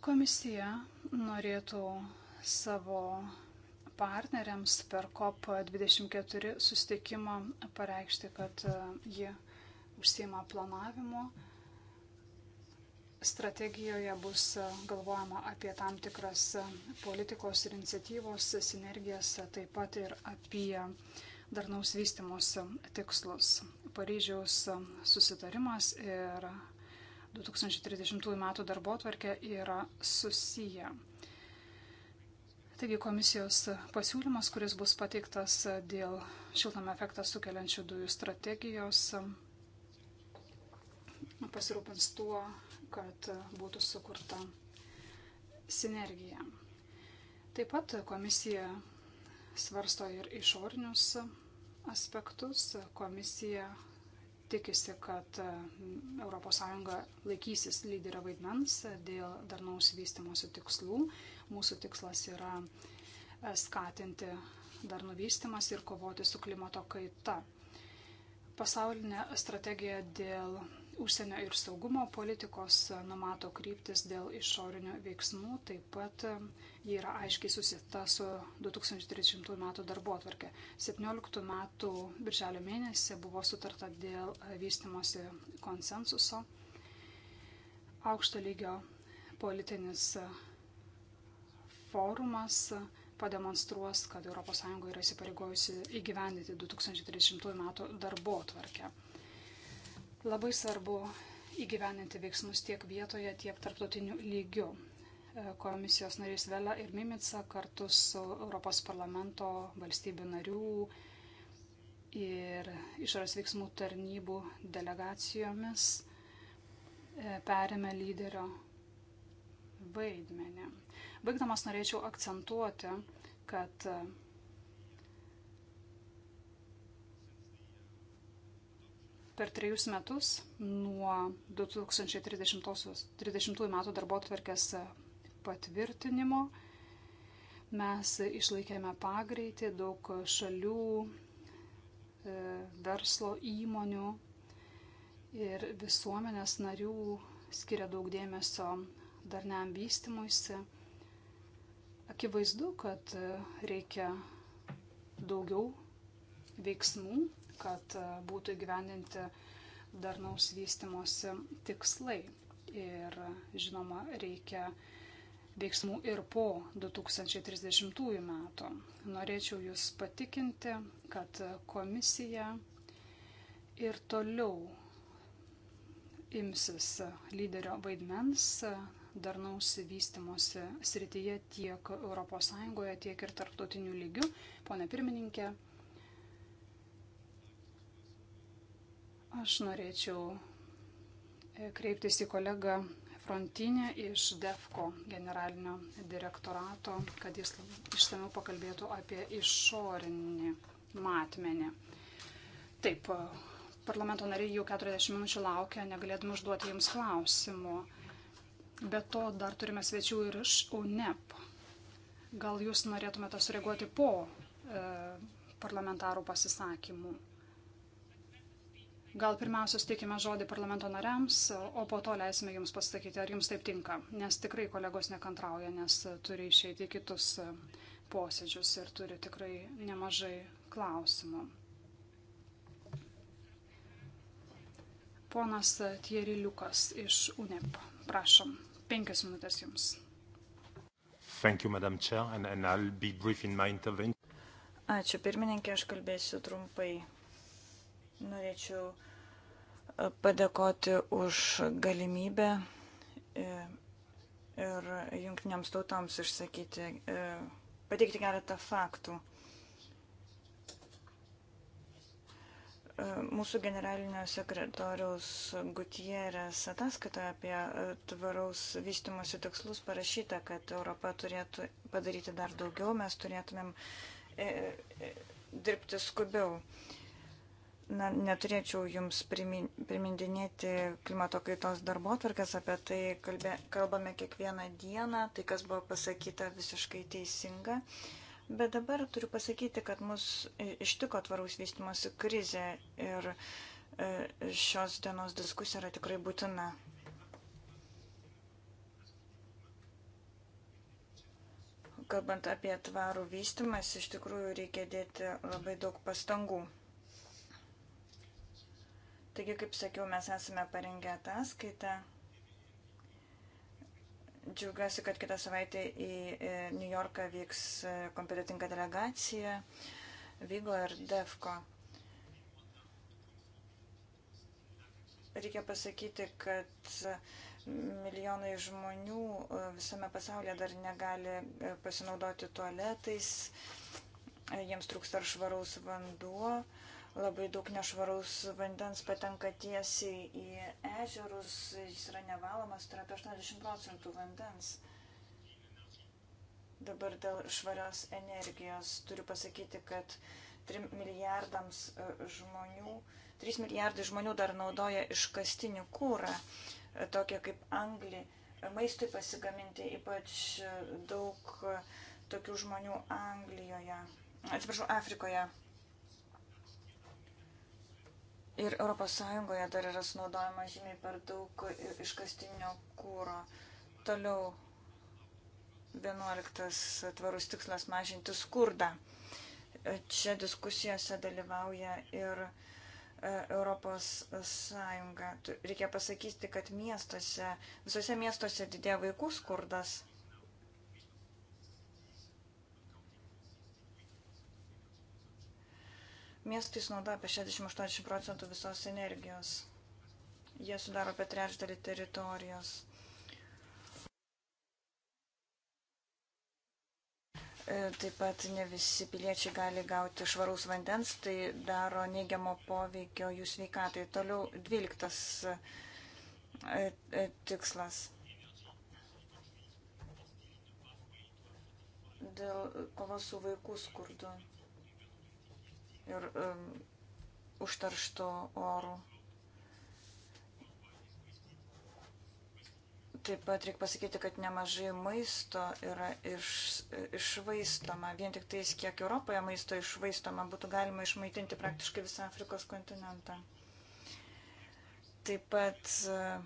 Komisija norėtų savo partneriams per COP24 susitikimą pareikšti, kad e, ji užsima planavimu. Strategijoje bus e, galvojama apie tam tikras e, politikos ir iniciatyvos sinergijas, taip pat ir apie darnaus vystimosi tikslus. Paryžiaus susitarimas ir 2030 m. darbo tvarkė yra susiję. Taigi komisijos pasiūlymas, kuris bus pateiktas dėl šiltnamio efektą sukeliančių dujų strategijos, pasirūpins tuo, kad būtų sukurta sinergija. Taip pat komisija svarsto ir išorinius aspektus. Komisija tikisi, kad mm, ES laikysis lyderio vaidmens dėl darnaus vystimosi tikslų. Mūsų tikslas yra e, skatinti darnų vystimas ir kovoti su klimato kaita. Pasaulinė strategija dėl užsienio ir saugumo politikos e, numato kryptis dėl išorinių veiksmų, taip pat e, jie yra aiškiai susita su 2030 m. darbo atvarkė. 17 m. birželio mėnesį buvo sutarta dėl e, vystimosi konsensuso. Aukšto lygio politinis forumas pademonstruos, kad ES yra įsipareigojusi įgyvendinti 2030 m. darbo atvarkę. Labai svarbu įgyveninti veiksmus tiek vietoje, tiek tarptautiniu lygiu. E, komisijos narys Vela ir Mimica kartu su Europos parlamento valstybių narių ir išorės veiksmų tarnybų delegacijomis e, perėmė lyderio vaidmenį. Baigdamas norėčiau akcentuoti, kad per trejus metus nuo 2030 metų darbo tvarkės patvirtinimo mes išlaikėme pagreitį, daug šalių, e, verslo įmonių ir visuomenės narių skiria daug dėmesio darniam vystimuisi. Akivaizdu, kad e, reikia daugiau veiksmų kad e, būtų įgyvendinti darnaus vystimosi tikslai. Ir žinoma, reikia veiksmų ir po 2030 metų. Norėčiau Jūs patikinti, kad komisija ir toliau imsis lyderio vaidmens darnaus vystimosi srityje tiek ES, tiek ir tarptautinių lygių. Pone pirmininkė, Aš norėčiau e, kreiptis į kolegą Frontinę iš DEFCO generalinio direktorato, kad jis išsamiau pakalbėtų apie išorinį matmenį. Taip, e, parlamento nariai jau 40 minučių laukia, negalėdami užduoti jums klausimų. Be to dar turime svečių ir iš UNEP. Gal jūs norėtumėte sureaguoti po e, parlamentarų pasisakymų? Gal pirmiausia, suteikime žodį parlamento nariams, o po to leisime jums pasakyti, ar jums taip tinka. Nes tikrai kolegos nekantrauja, nes turi išeiti į kitus e, posėdžius ir turi tikrai nemažai klausimų. Ponas Thierry Liukas iš UNEP, prašom, penkias minutės jums. Thank you, Madam Chair, and, and I'll be brief in my intervention. Ačiū pirmininkė, aš kalbėsiu trumpai Norėčiau e, padėkoti už galimybę e, ir jungtiniams tautams išsakyti, e, pateikti keletą faktų. Mūsų generalinio sekretoriaus Gutierės ataskaitoje apie tvaraus vystimosi tikslus parašyta, kad Europa turėtų padaryti dar daugiau, mes turėtumėm dirbti skubiau. E, e, na, neturėčiau jums primin, primindinėti klimato kaitos darbo tvarkės, apie tai kalbė, kalbame kiekvieną dieną, tai kas buvo pasakyta visiškai teisinga. Bet dabar turiu pasakyti, kad mus ištiko tvaraus vystimosi krizė ir e, šios dienos diskusija yra tikrai būtina. Kalbant apie tvarų vystimas, iš tikrųjų reikia dėti labai daug pastangų. Taigi, kaip sakiau, mes esame parengę ataskaitą. Džiaugiuosi, kad kitą savaitę į New Yorką vyks e, kompetitinga delegacija Vygo ir Defko. Reikia pasakyti, kad milijonai žmonių e, visame pasaulyje dar negali e, pasinaudoti tualetais, jiems trūksta ar švaraus vanduo Labai daug nešvaraus vandens patenka tiesiai į ežerus, jis yra nevalomas, tai yra apie 80 procentų vandens. Dabar dėl švarios energijos turiu pasakyti, kad 3 milijardams e, žmonių, 3 milijardai žmonių dar naudoja iškastinį kūrą, e, tokią kaip anglį, e, maistui pasigaminti, ypač daug tokių žmonių Anglijoje, atsiprašau, Afrikoje. Ir ES dar yra sunaudojama žymiai per daug iškastinio kūro. Toliau 11 tvarus tikslas mažinti skurdą. Čia diskusijose dalyvauja ir e, Europos Sąjunga. Reikia pasakyti, kad miestuose, visose miestuose didėja vaikų skurdas. Miestai sunaudoja apie 60-80 procentų visos energijos. Jie sudaro apie trečdalį teritorijos. E, taip pat ne visi piliečiai gali gauti švaraus vandens, tai daro neigiamo poveikio jų sveikatai. Toliau 12 e, e, tikslas. Dėl kovos su vaikų skurdu ir um, užterštų orų. Taip pat reikia pasakyti, kad nemažai maisto yra iš, išvaistoma. Vien tik tais, kiek Europoje maisto išvaistoma, būtų galima išmaitinti praktiškai visą Afrikos kontinentą. Taip pat uh,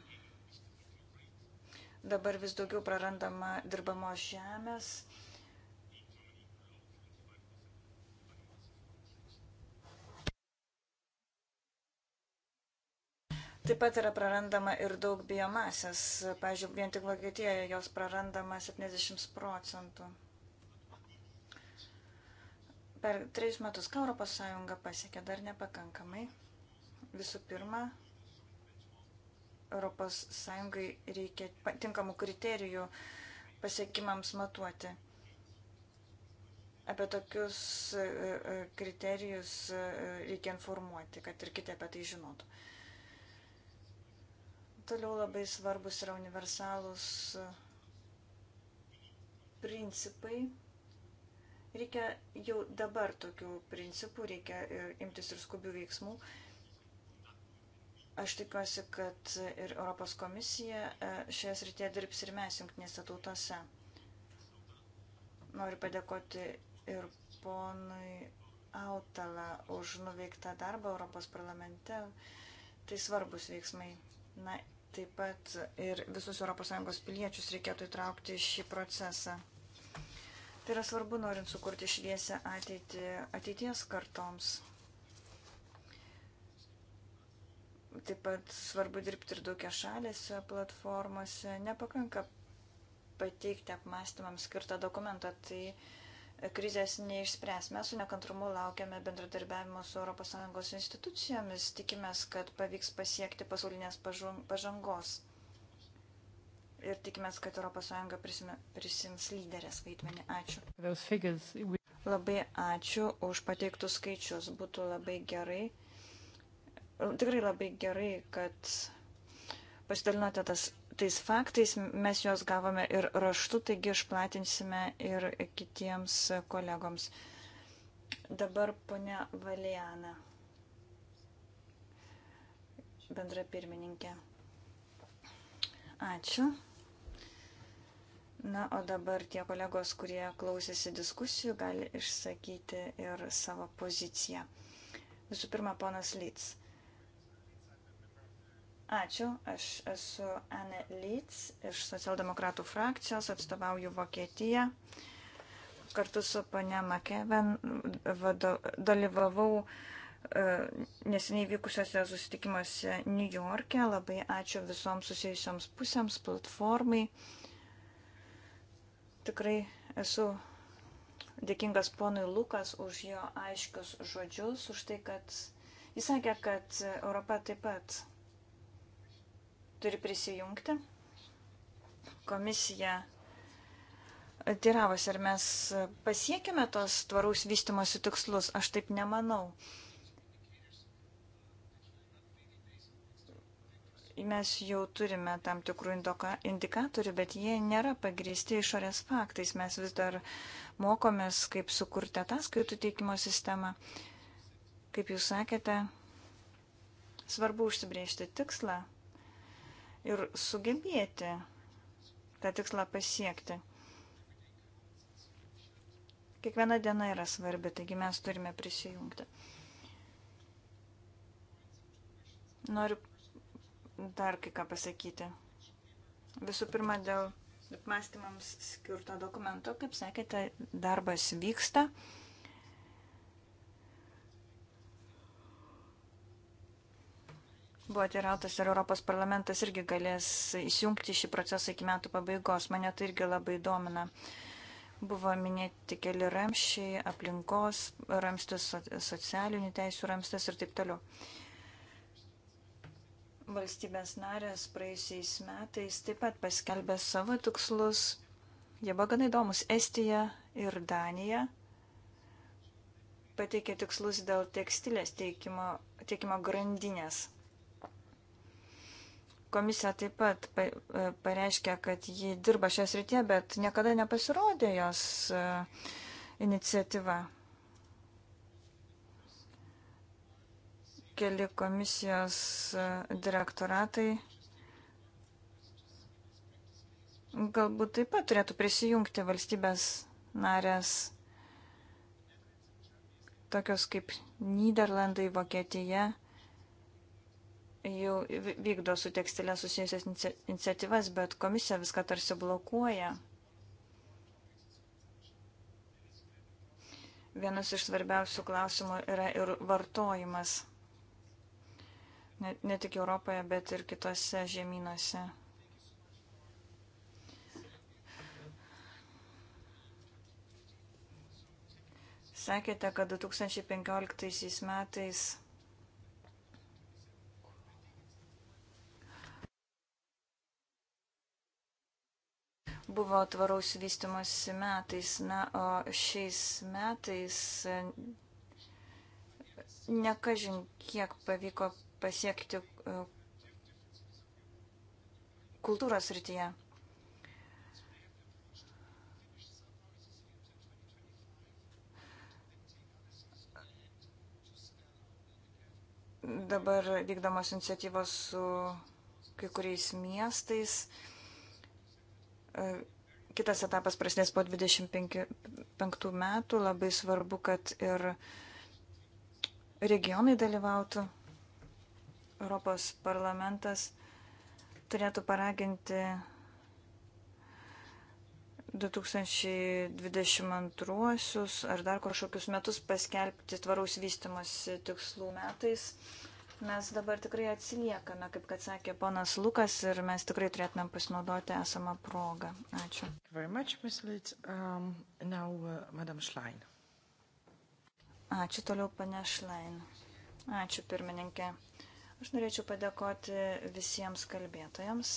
dabar vis daugiau prarandama dirbamos žemės. Uh, Taip pat yra prarandama ir daug biomasės. Pavyzdžiui, vien tik Vokietijoje jos prarandama 70 procentų. Per trejus metus, ką Europos Sąjunga pasiekė, dar nepakankamai. Visų pirma, Europos Sąjungai reikia tinkamų kriterijų pasiekimams matuoti. Apie tokius e, e, kriterijus e, reikia informuoti, kad ir kiti apie tai žinotų. Toliau labai svarbus yra universalūs e, principai. Reikia jau dabar tokių principų, reikia ir e, imtis ir skubių veiksmų. Aš tikiuosi, kad ir Europos komisija e, šioje srityje dirbs ir mes jungtinėse tautose. Noriu padėkoti ir ponui Autala už nuveiktą darbą Europos parlamente. Tai svarbus veiksmai. Na Taip pat ir visus ES piliečius reikėtų įtraukti šį procesą. Tai yra svarbu, norint sukurti šviesę ateitį, ateities kartoms. Taip pat svarbu dirbti ir daugia šalėse platformose. Nepakanka pateikti apmąstymams skirtą dokumentą. Tai krizės neišspręs. Mes su nekantrumu laukiame bendradarbiavimo su ES institucijomis, tikimės, kad pavyks pasiekti pasaulinės pažangos. Ir tikimės, kad ES prisims lyderės vaidmenį. Ačiū. Labai ačiū už pateiktus skaičius. Būtų labai gerai, tikrai labai gerai, kad pasidalinote tas tais faktais, mes juos gavome ir raštu, taigi išplatinsime ir kitiems kolegoms. Dabar ponia Valijana, bendra pirmininkė. Ačiū. Na, o dabar tie kolegos, kurie klausėsi diskusijų, gali išsakyti ir savo poziciją. Visų pirma, ponas Lyts. Ačiū. Aš esu Anne Leeds iš socialdemokratų frakcijos, atstovauju Vokietiją. Kartu su ponia Makeven dalyvavau e, neseniai vykusiuose susitikimuose New York'e. Labai ačiū visoms susijusioms pusėms, platformai. Tikrai esu dėkingas ponui Lukas už jo aiškius žodžius, už tai, kad jis sakė, kad Europa taip pat turi prisijungti. Komisija tyravosi, ar mes pasiekime tos tvaraus vystimosi tikslus. Aš taip nemanau. Mes jau turime tam tikrų indikatorių, bet jie nėra pagristi išorės faktais. Mes vis dar mokomės, kaip sukurti ataskaitų teikimo sistemą. Kaip jūs sakėte, svarbu užsibriežti tikslą ir sugebėti tą tikslą pasiekti. Kiekviena diena yra svarbi, taigi mes turime prisijungti. Noriu dar kai ką pasakyti. Visų pirma, dėl apmąstymams skirto dokumento, kaip sakėte, darbas vyksta. Uh, Buvo teirautas, ar Europos parlamentas irgi galės įsijungti šį procesą iki metų pabaigos. Mane tai irgi labai domina. Buvo minėti keli ramščiai, aplinkos ramstis, socialinių teisų ramstis ir taip toliau. Valstybės narės praeisiais metais taip pat paskelbė savo tikslus. Jie buvo gana įdomus. Estija ir Danija pateikė tikslus dėl tekstilės teikimo, teikimo grandinės Komisija taip pat e, pareiškia, kad ji dirba šios rytie, bet niekada nepasirodė jos e, iniciatyva. Keli komisijos e, direktoratai galbūt taip pat turėtų prisijungti valstybės narės tokios kaip Niderlandai, Vokietija jau vykdo su tekstilė susijusias iniciatyvas, bet komisija viską tarsi blokuoja. Vienas iš svarbiausių klausimų yra ir vartojimas. Ne, ne tik Europoje, bet ir kitose žemynuose. Sakėte, kad 2015 metais buvo tvaraus vystimosi metais, na, o šiais metais e, nekažin kiek pavyko pasiekti e, kultūros rytyje. Dabar vykdomos iniciatyvos su kai kuriais miestais. Uh, kitas etapas prasidės po 25 metų. Labai svarbu, kad ir regionai dalyvautų. Europos parlamentas turėtų paraginti 2022 ar dar kažkokius metus paskelbti tvaraus vystimosi tikslų metais. Uh, Mes dabar tikrai atsiliekame, kaip kad sakė ponas Lukas, ir mes tikrai turėtumėm pasinaudoti esamą progą. Ačiū. Much, um, now, uh, Ačiū toliau, pane Šlain. Ačiū, pirmininkė. Aš norėčiau padėkoti visiems kalbėtojams.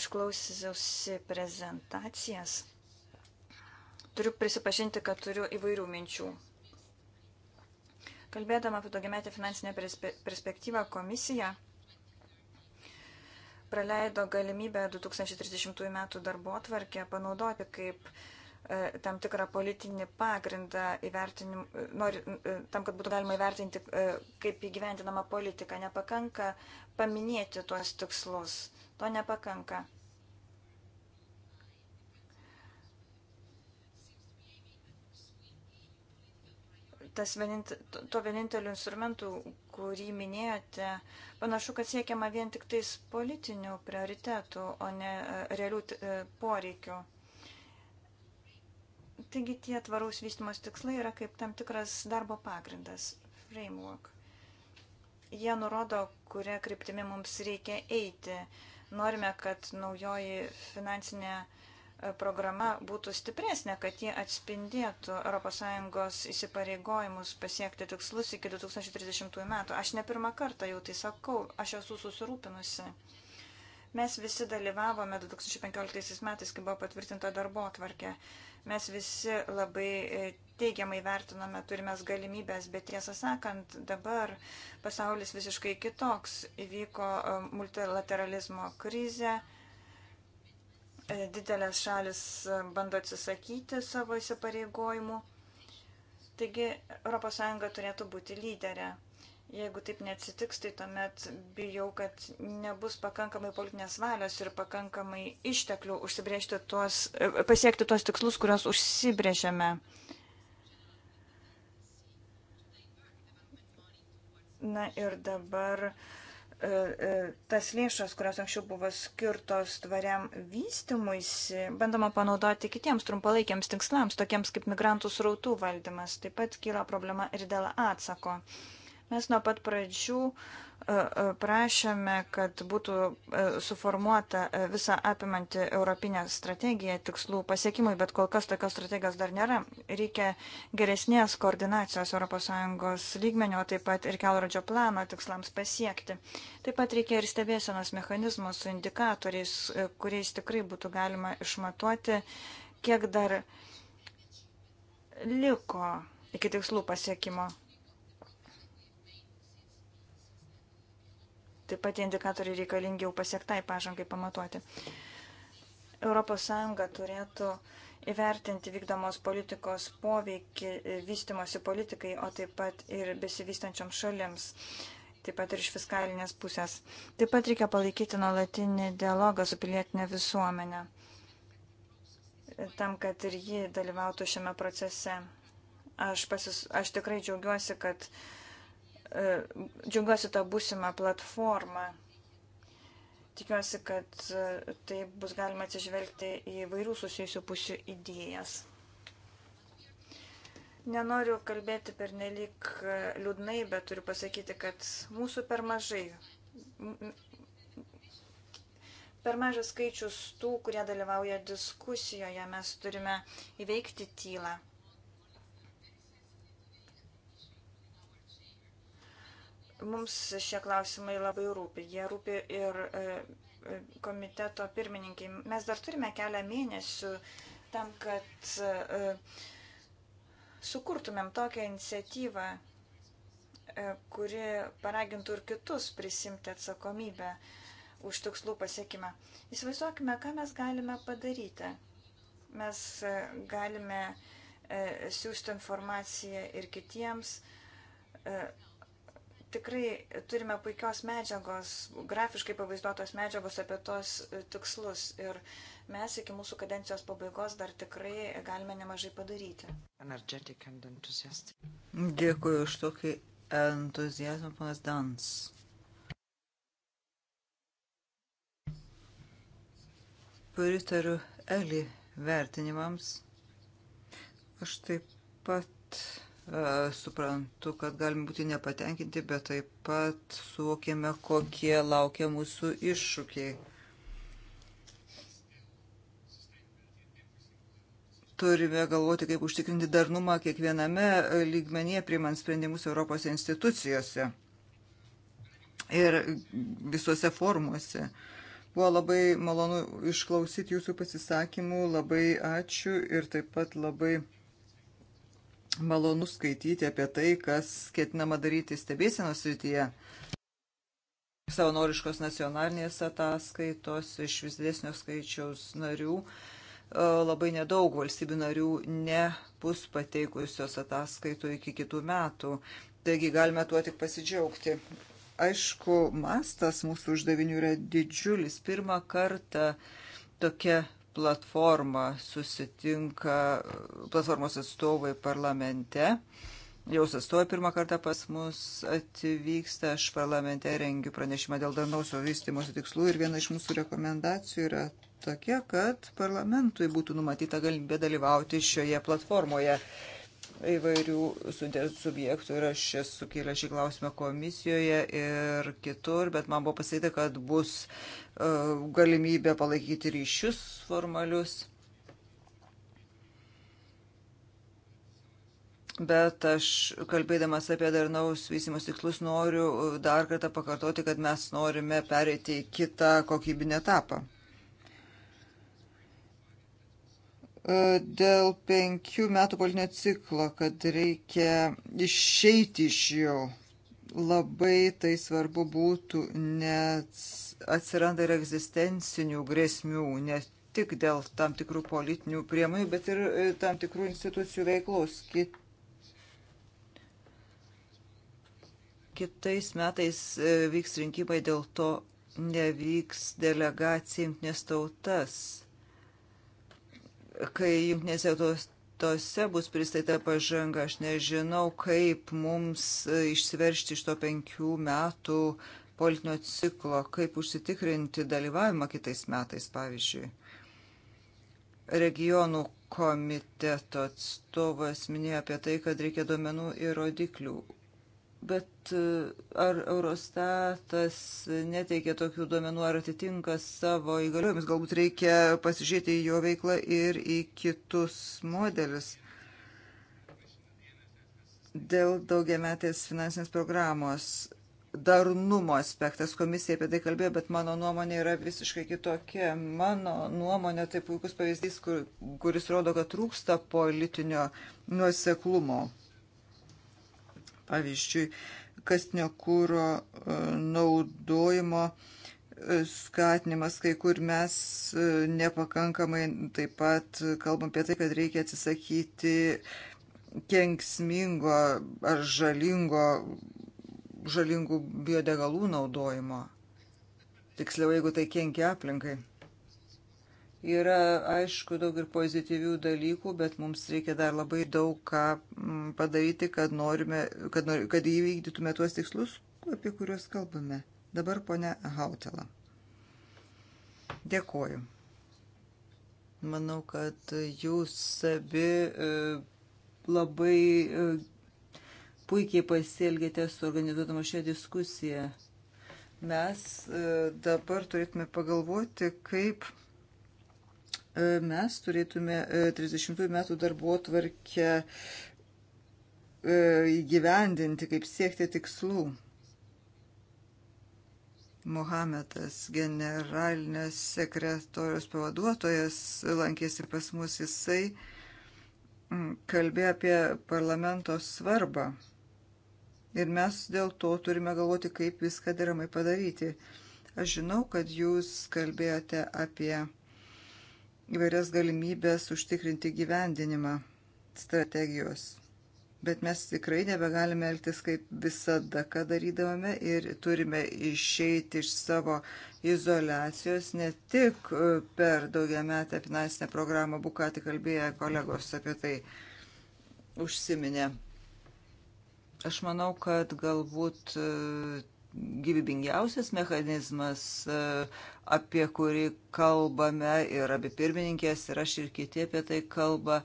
Išklausiausi prezentacijas turiu prisipažinti, kad turiu įvairių minčių. Kalbėdama apie daugiametę finansinę perspektyvą, komisija praleido galimybę 2030 m. darbo atvarkę panaudoti kaip e, tam tikrą politinį pagrindą nori, e, tam, kad būtų galima įvertinti, e, kaip įgyvendinama politika. Nepakanka paminėti tuos tikslus. To nepakanka. tas vienint, to vieninteliu instrumentu, kurį minėjote, panašu, kad siekiama vien tik tais politinių prioritetų, o ne e, realių e, poreikių. Taigi tie tvaraus vystimos tikslai yra kaip tam tikras darbo pagrindas, framework. Jie nurodo, kuria kryptimi mums reikia eiti. Norime, kad naujoji finansinė uh, E, programa būtų stipresnė, kad jie atspindėtų ES įsipareigojimus pasiekti tikslus iki 2030 metų. Aš ne pirmą kartą jau tai sakau, aš esu susirūpinusi. Mes visi dalyvavome 2015 metais, kai buvo patvirtinta darbo atvarkė. Mes visi labai e, teigiamai vertiname turimės galimybės, bet tiesą sakant, dabar pasaulis visiškai kitoks. Įvyko e, multilateralizmo krizė E, didelės šalis e, bando atsisakyti savo įsipareigojimų. Taigi ES turėtų būti lyderė. Jeigu taip neatsitiks, tai tuomet bijau, kad nebus pakankamai politinės valios ir pakankamai išteklių tuos, e, pasiekti tuos tikslus, kuriuos užsibrėžėme. Na ir dabar uh, E, e, tas lėšas, kurios anksčiau buvo skirtos tvariam vystimuisi, bandoma panaudoti kitiems trumpalaikiams tikslams, tokiems kaip migrantų srautų valdymas. Taip pat kyla problema ir dėl atsako. Mes nuo pat pradžių uh, prašėme, kad būtų e, suformuota e, visą apimanti europinė strategija tikslų pasiekimui, bet kol kas tokios strategijos dar nėra. Reikia geresnės koordinacijos ES lygmenio, taip pat ir kelrodžio plano tikslams pasiekti. Taip pat reikia ir stebėsenos mechanizmų su indikatoriais, e, kuriais tikrai būtų galima išmatuoti, kiek dar liko iki tikslų pasiekimo. Taip pat indikatoriai reikalingiau pasiektai pažangai pamatuoti. ES turėtų įvertinti vykdomos politikos poveikį e, vystimosi politikai, o taip pat ir besivystančiom šalims taip pat ir iš fiskalinės pusės. Taip pat reikia palaikyti nuolatinį dialogą su pilietinė visuomenė, e, tam, kad ir ji dalyvautų šiame procese. Aš, pasis, aš tikrai džiaugiuosi, kad uh, E, džiaugiuosi tą būsimą platformą. Tikiuosi, kad e, tai bus galima atsižvelgti į vairių susijusių pusių idėjas. Nenoriu kalbėti per nelik e, liūdnai, bet turiu pasakyti, kad mūsų per mažai. Per mažas skaičius tų, kurie dalyvauja diskusijoje, mes turime įveikti tylą. Mums šie klausimai labai rūpi. Jie rūpi ir e, e, komiteto pirmininkai. Mes dar turime kelią mėnesių tam, kad e, sukurtumėm tokią iniciatyvą, kuri paragintų ir kitus prisimti atsakomybę už tikslų pasiekimą. Įsivaizduokime, ką mes galime padaryti. Mes galime siūsti informaciją ir kitiems, tikrai turime puikios medžiagos, grafiškai pavaizduotos medžiagos apie tos e, tikslus ir mes iki mūsų kadencijos pabaigos dar tikrai galime nemažai padaryti. Dėkui už tokį entuzijazmą, panas Dans. Pritariu Eli vertinimams. Aš taip pat E, suprantu, kad galime būti nepatenkinti, bet taip pat suvokėme, kokie laukia mūsų iššūkiai. Turime galvoti, kaip užtikrinti darnumą kiekviename lygmenyje priimant sprendimus Europos institucijose ir visuose formuose. Buvo labai malonu išklausyti jūsų pasisakymų, labai ačiū ir taip pat labai malonu skaityti apie tai, kas ketinama daryti stebėsienos srityje. Savanoriškos nacionalinės ataskaitos iš vis dėsnio skaičiaus narių e, labai nedaug valstybių narių nebus pateikusios ataskaitų iki kitų metų. Taigi galime tuo tik pasidžiaugti. Aišku, mastas mūsų uždavinių yra didžiulis. Pirmą kartą tokia platforma susitinka platformos atstovai parlamente. Jaus atstovai pirmą kartą pas mus atvyksta, aš parlamente rengiu pranešimą dėl darnausio vystimosi tikslų ir viena iš mūsų rekomendacijų yra tokia, kad parlamentui būtų numatyta galimybė dalyvauti šioje platformoje įvairių subjektų ir aš esu kėlęs šį klausimą komisijoje ir kitur, bet man buvo pasakyta, kad bus e, galimybė palaikyti ryšius formalius. Bet aš, kalbėdamas apie darnaus vysimus tikslus, noriu dar kartą pakartoti, kad mes norime pereiti į kitą kokybinę etapą. E, dėl penkių metų politinio ciklo, kad reikia išeiti iš jo. Labai tai svarbu būtų, nes atsiranda ir egzistencinių grėsmių, ne tik dėl tam tikrų politinių priemonių, bet ir e, tam tikrų institucijų veiklos. Kit... Kitais metais e, vyks rinkimai, dėl to nevyks delegacija imtinės tautas kai jungtinėse tose bus pristaita pažanga. Aš nežinau, kaip mums e, išsiveršti iš to penkių metų politinio ciklo, kaip užsitikrinti dalyvavimą kitais metais, pavyzdžiui. Regionų komiteto atstovas minėjo apie tai, kad reikia duomenų ir rodiklių. Bet e, ar Eurostatas neteikia tokių duomenų, ar atitinka savo įgaliojimus? Galbūt reikia pasižiūrėti į jo veiklą ir į kitus modelius. Dėl daugiametės finansinės programos darnumo aspektas, komisija apie tai kalbėjo, bet mano nuomonė yra visiškai kitokia. Mano nuomonė tai puikus pavyzdys, kur, kuris rodo, kad trūksta politinio nuoseklumo pavyzdžiui, kastinio kūro e, naudojimo e, skatinimas, kai kur mes e, nepakankamai taip pat kalbam apie tai, kad reikia atsisakyti kenksmingo ar žalingo, žalingų biodegalų naudojimo. Tiksliau, jeigu tai kenkia aplinkai. Yra, aišku, daug ir pozityvių dalykų, bet mums reikia dar labai daug ką mm, padaryti, kad, norime, kad, nor, kad įvykdytume tuos tikslus, apie kuriuos kalbame. Dabar ponia Hautela. Dėkoju. Manau, kad jūs abi e, labai e, puikiai pasielgėte suorganizuodama šią diskusiją. Mes e, dabar turėtume pagalvoti, kaip E, mes turėtume 30 e, metų darbo tvarkę e, įgyvendinti, kaip siekti tikslų. Mohamedas, generalinės sekretorijos pavaduotojas, lankėsi pas mus, jisai mm, kalbėjo apie parlamento svarbą. Ir mes dėl to turime galvoti, kaip viską deramai padaryti. Aš žinau, kad jūs kalbėjote apie įvairias galimybės užtikrinti gyvendinimą strategijos. Bet mes tikrai nebegalime elgtis kaip visada, ką darydavome ir turime išeiti iš savo izolacijos ne tik e, per daugiametę finansinę programą, buką tik kalbėję kolegos apie tai užsiminė. Aš manau, kad galbūt e, gyvybingiausias mechanizmas, e, apie kurį kalbame ir abi pirmininkės, ir aš ir kiti apie tai kalba,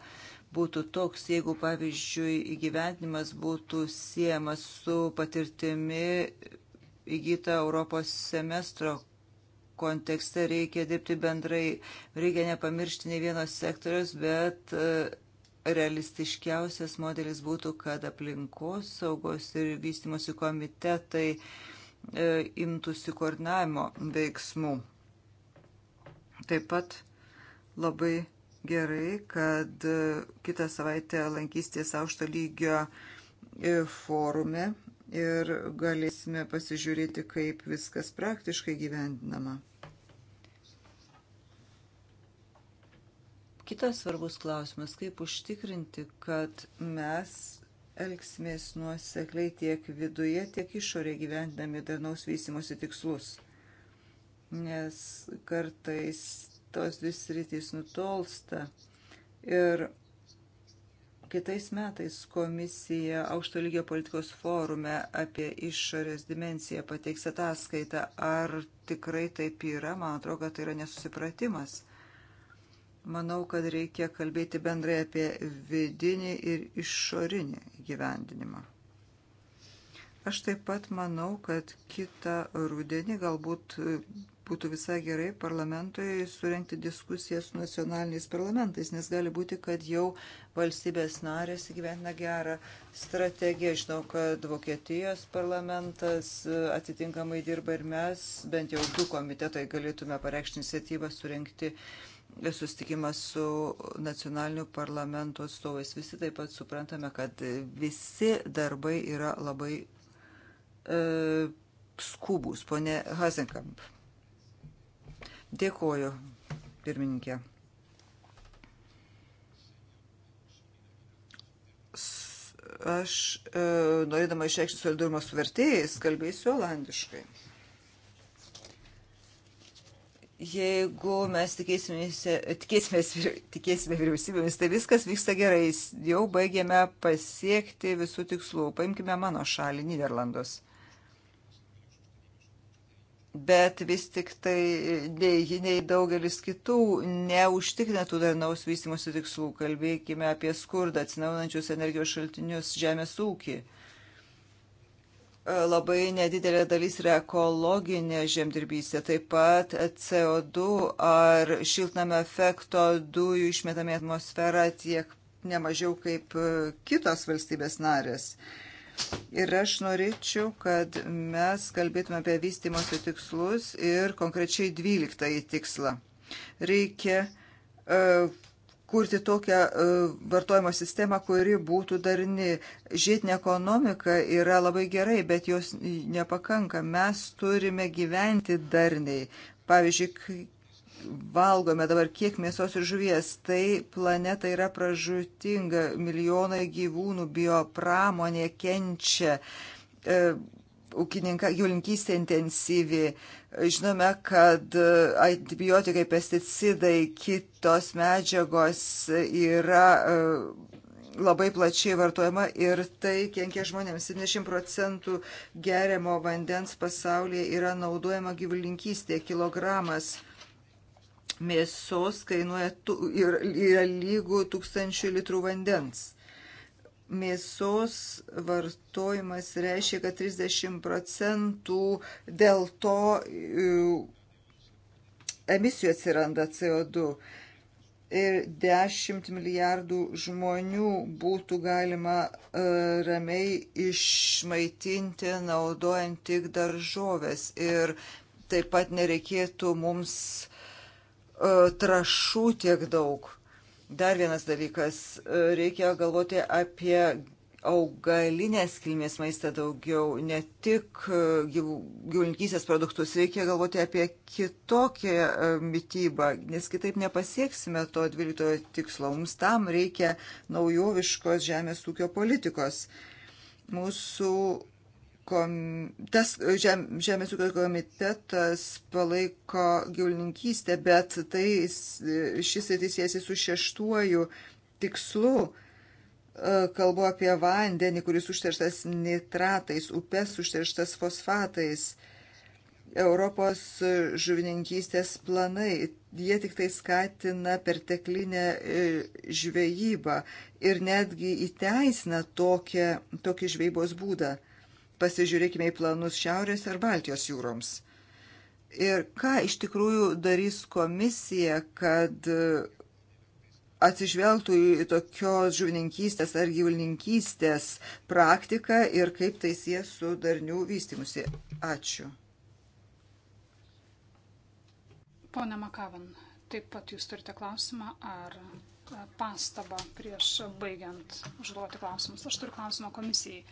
būtų toks, jeigu, pavyzdžiui, įgyvendinimas būtų siejamas su patirtimi įgyta Europos semestro kontekste reikia dirbti bendrai, reikia nepamiršti ne vienos sektorius, bet e, realistiškiausias modelis būtų, kad aplinkos saugos ir vystimosi komitetai uh, E, imtųsi koordinavimo veiksmų. Taip pat labai gerai, kad e, kitą savaitę lankysties aukšto lygio e, forume ir galėsime pasižiūrėti, kaip viskas praktiškai gyvendinama. Kitas svarbus klausimas, kaip užtikrinti, kad mes elgsimės nuosekliai tiek viduje, tiek išorėje gyvendami darnaus vystimosi tikslus. Nes kartais tos dvi sritys nutolsta ir kitais metais komisija aukšto lygio politikos forume apie išorės dimenciją pateiks ataskaitą. Ar tikrai taip yra? Man atrodo, kad tai yra nesusipratimas Manau, kad reikia kalbėti bendrai apie vidinį ir išorinį gyvendinimą. Aš taip pat manau, kad kitą rudenį galbūt būtų visai gerai parlamentui surenkti diskusiją su nacionaliniais parlamentais, nes gali būti, kad jau valstybės narės įgyventina gerą strategiją. Žinau, kad Vokietijos parlamentas atitinkamai dirba ir mes, bent jau du komitetai galėtume pareikšti iniciatyvą surenkti uh, susitikimas su nacionaliniu parlamento atstovais. Visi taip pat suprantame, kad visi darbai yra labai e, skubus. Pone Hazenkamp. Dėkoju, pirmininkė. aš, e, norėdama išreikšti solidarumą su vertėjais, kalbėsiu olandiškai jeigu mes tikėsime vyriausybėmis, tai viskas vyksta gerai. Jau baigėme pasiekti visų tikslų. Paimkime mano šalį, Niderlandus. Bet vis tik tai nei ji, nei daugelis kitų neužtikrina tų darnaus vystimosi tikslų. Kalbėkime apie skurdą, atsinaunančius energijos šaltinius, žemės ūkį labai nedidelė dalis yra ekologinė žemdirbystė, taip pat CO2 ar šiltnamio efekto dujų išmetami atmosferą tiek nemažiau kaip e, kitos valstybės narės. Ir aš norėčiau, kad mes kalbėtume apie vystimosi tikslus ir konkrečiai 12 tikslą. Reikia uh, kurti tokią e, vartojimo sistemą, kuri būtų darni. Žiedinė ekonomika yra labai gerai, bet jos nepakanka. Mes turime gyventi darniai. Pavyzdžiui, valgome dabar kiek mėsos ir žuvies, tai planeta yra pražutinga, milijonai gyvūnų biopramonė kenčia, e, ūkininka, jūlinkystė intensyvi. E, Žinome, kad e, antibiotikai, pesticidai, kitos medžiagos yra e, labai plačiai vartojama ir tai kenkia žmonėms. 70 procentų geriamo vandens pasaulyje yra naudojama gyvulinkystėje. Kilogramas mėsos kainuoja tu, ir yra lygų tūkstančių litrų vandens mėsos vartojimas reiškia, kad 30 procentų dėl to e, emisijų atsiranda CO2 ir 10 milijardų žmonių būtų galima e, ramiai išmaitinti naudojant tik daržovės. Ir taip pat nereikėtų mums e, trašų tiek daug. Dar vienas dalykas, e, reikia galvoti apie augalinės kilmės maistą daugiau, ne tik e, gyvulinkysės produktus, reikia galvoti apie kitokią e, mytybą, nes kitaip nepasieksime to 12 tikslo. Mums tam reikia naujoviškos žemės ūkio politikos. Mūsų kom, tas žem, Žemės ūkio komitetas palaiko gyvulininkystę, bet tai šis įtisėsi su šeštuoju tikslu. E, kalbu apie vandenį, kuris užterštas nitratais, upes užterštas fosfatais. Europos žuvininkystės planai, jie tik tai skatina perteklinę e, žvejybą ir netgi įteisina tokią, tokį žvejybos būdą pasižiūrėkime į planus Šiaurės ir Baltijos jūroms. Ir ką iš tikrųjų darys komisija, kad atsižvelgtų į tokios žuvininkystės ar gyvulininkystės praktiką ir kaip tai sies su darnių vystimusi. Ačiū. Pone Makavan, taip pat jūs turite klausimą ar pastabą prieš baigiant užduoti klausimus. Aš turiu klausimą komisijai.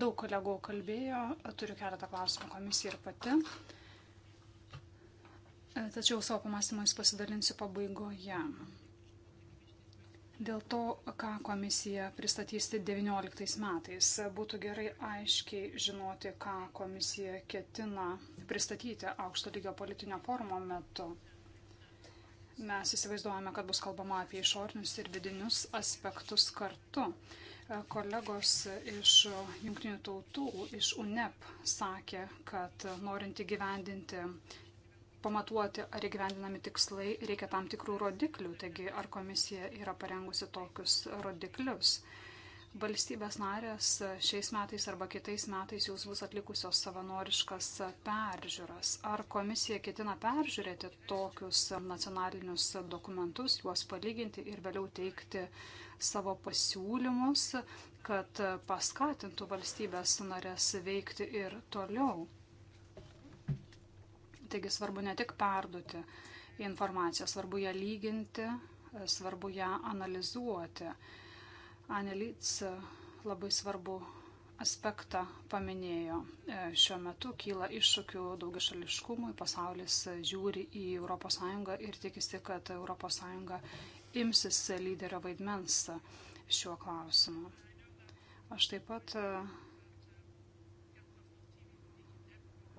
Daug kolegų kalbėjo, turiu keletą klausimų komisijai ir pati. E, tačiau savo pamastymais pasidalinsiu pabaigoje. Dėl to, ką komisija pristatys 19 tai metais, būtų gerai aiškiai žinoti, ką komisija ketina pristatyti aukšto lygio politinio forumo metu. Mes įsivaizduojame, kad bus kalbama apie išorinius ir vidinius aspektus kartu. Kolegos iš Junktinių tautų, iš UNEP sakė, kad norint įgyvendinti, pamatuoti, ar įgyvendinami tikslai, reikia tam tikrų rodiklių. Taigi, ar komisija yra parengusi tokius rodiklius? Valstybės narės šiais metais arba kitais metais jūs bus atlikusios savanoriškas peržiūras. Ar komisija ketina peržiūrėti tokius nacionalinius dokumentus, juos palyginti ir vėliau teikti savo pasiūlymus, kad paskatintų valstybės narės veikti ir toliau. Taigi svarbu ne tik perduoti informaciją, svarbu ją lyginti, svarbu ją analizuoti. Anelits labai svarbu aspektą paminėjo. Šiuo metu kyla iššūkių daugiašališkumui, pasaulis žiūri į ES ir tikisi, kad ES imsis lyderio vaidmens šiuo klausimu. Aš taip pat e,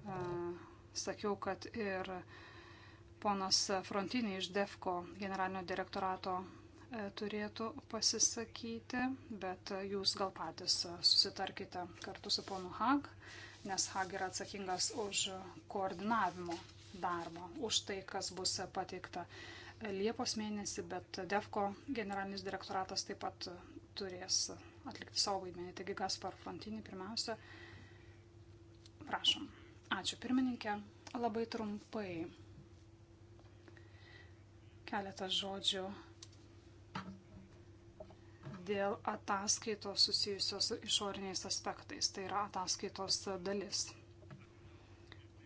e, sakiau, kad ir ponas Frontinė iš DEFCO generalinio direktorato e, turėtų pasisakyti, bet jūs gal patys susitarkite kartu su ponu Hag, nes Hag yra atsakingas už koordinavimo darbą, už tai, kas bus pateikta Liepos mėnesį, bet DEFCO generalinis direktoratas taip pat turės atlikti savo vaidmenį. Taigi Gaspar Frontinį pirmiausia. Prašom. Ačiū pirmininkė. Labai trumpai. Keletas žodžių dėl ataskaitos susijusios išoriniais aspektais. Tai yra ataskaitos dalis.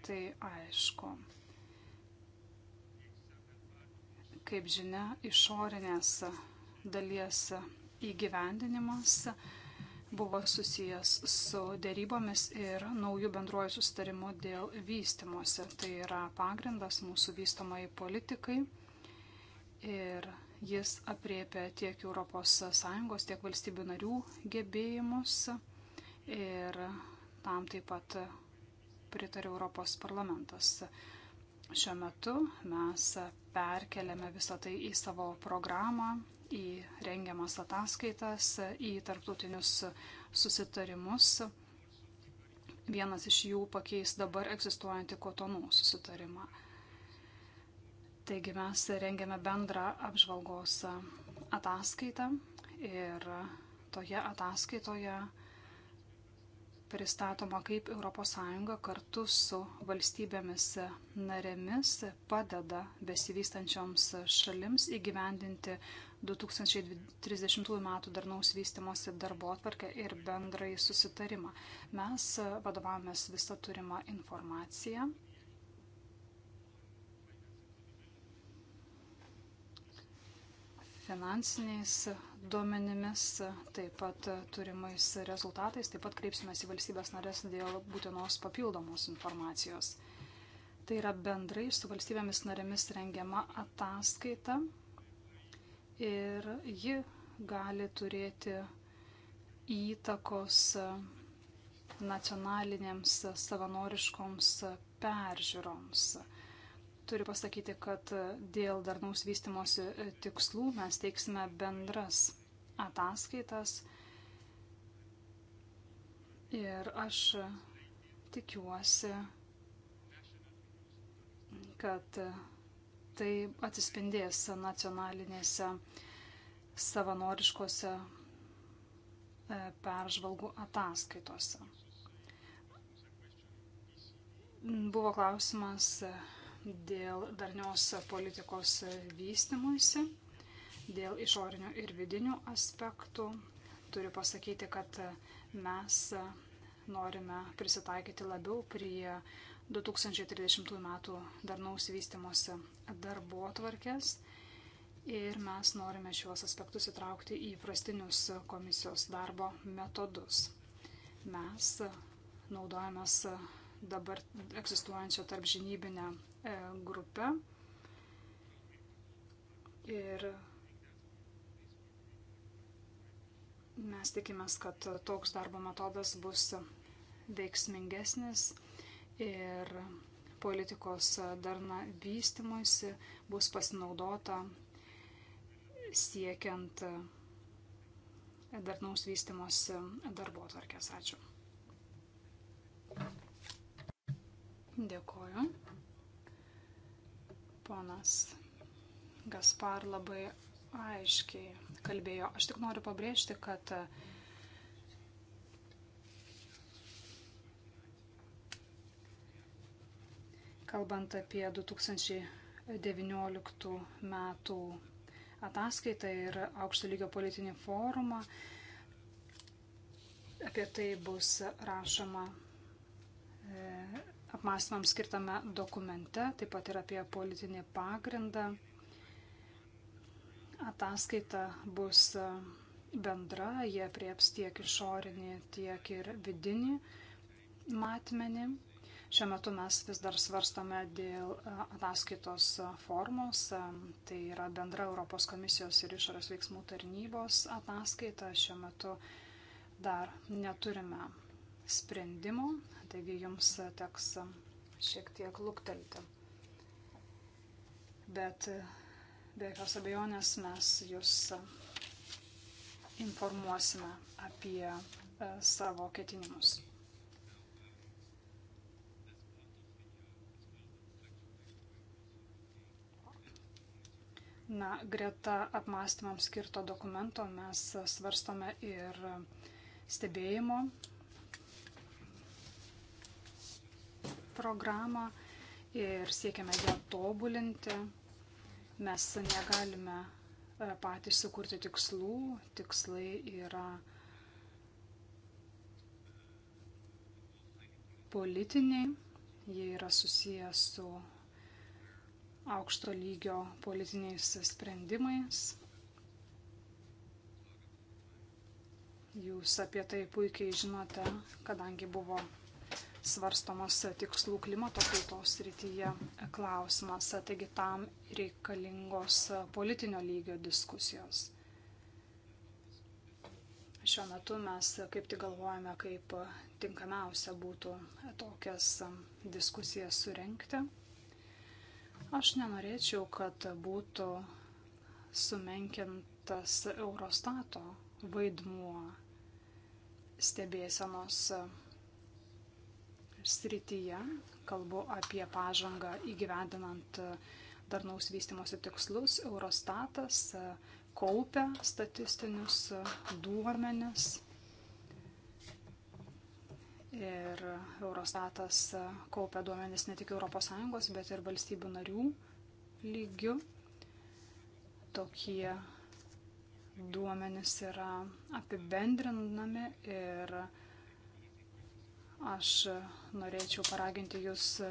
Tai aišku. kaip žinia, išorinės dalies įgyvendinimas buvo susijęs su dėrybomis ir naujų bendruoju sustarimu dėl vystimosi. Tai yra pagrindas mūsų vystomai politikai ir jis apriepia tiek ES, tiek valstybių narių gebėjimus ir tam taip pat pritarė Europos parlamentas. Šiuo metu mes perkeliame visą tai į savo programą, į rengiamas ataskaitas, į tarptautinius susitarimus. Vienas iš jų pakeis dabar egzistuojantį kotonų susitarimą. Taigi mes rengiame bendrą apžvalgos ataskaitą ir toje ataskaitoje pristatoma kaip ES kartu su valstybėmis narėmis padeda besivystančioms šalims įgyvendinti 2030 m. darnaus vystimosi darbo atvarkę ir bendrai susitarimą. Mes vadovavomės visą turimą informaciją finansiniais duomenimis, taip pat turimais rezultatais, taip pat kreipsimės į valstybės narės dėl būtinos papildomos informacijos. Tai yra bendrai su valstybėmis narėmis rengiama ataskaita ir ji gali turėti įtakos nacionalinėms savanoriškoms peržiūroms turiu pasakyti, kad dėl darnaus vystimosi e, tikslų mes teiksime bendras ataskaitas. Ir aš tikiuosi, kad tai atsispindės nacionalinėse savanoriškose e, peržvalgų ataskaitose. Buvo klausimas dėl darnios politikos vystimuisi, dėl išorinių ir vidinių aspektų. Turiu pasakyti, kad mes norime prisitaikyti labiau prie 2030 metų darnaus vystimosi darbo atvarkės ir mes norime šiuos aspektus įtraukti į prastinius komisijos darbo metodus. Mes naudojamės dabar egzistuojančią tarp žinybinę e, grupę. Ir mes tikimės, kad toks darbo metodas bus veiksmingesnis ir politikos darna vystimuisi bus pasinaudota siekiant darnaus vystimosi darbo atvarkės. Ačiū. Dėkoju. Ponas Gaspar labai aiškiai kalbėjo. Aš tik noriu pabrėžti, kad kalbant apie 2019 metų ataskaitą ir aukšto lygio politinį forumą, apie tai bus rašoma e, apmąstymams skirtame dokumente, taip pat ir apie politinį pagrindą. Ataskaita bus e, bendra, jie prieps tiek išorinį, tiek ir vidinį matmenį. Šiuo metu mes vis dar svarstome dėl e, ataskaitos formos. E, tai yra bendra Europos komisijos ir išorės veiksmų tarnybos ataskaita. Šiuo metu dar neturime sprendimų, taigi jums teks šiek tiek luktelti. Bet e, be jokios abejonės mes jūs informuosime apie e, savo ketinimus. Na, greta apmąstymams skirto dokumento mes svarstome ir stebėjimo programą ir siekiame ją tobulinti. Mes negalime e, patys sukurti tikslų, tikslai yra politiniai, jie yra susiję su aukšto lygio politiniais sprendimais. Jūs apie tai puikiai žinote, kadangi buvo svarstomas tikslų klimato kaitos rytyje klausimas, taigi tam reikalingos politinio lygio diskusijos. Šiuo metu mes kaip tik galvojame, kaip tinkamiausia būtų tokias diskusijas surenkti. Aš nenorėčiau, kad būtų sumenkintas Eurostato vaidmuo stebėsenos srityje. Kalbu apie pažangą įgyvendinant e, darnaus vystimosi tikslus. Eurostatas e, kaupia statistinius e, duomenis. Ir Eurostatas kaupia duomenis ne tik ES, bet ir valstybių narių lygių. Tokie duomenys yra apibendrinami ir apibendrinami Aš e, norėčiau paraginti jūs e,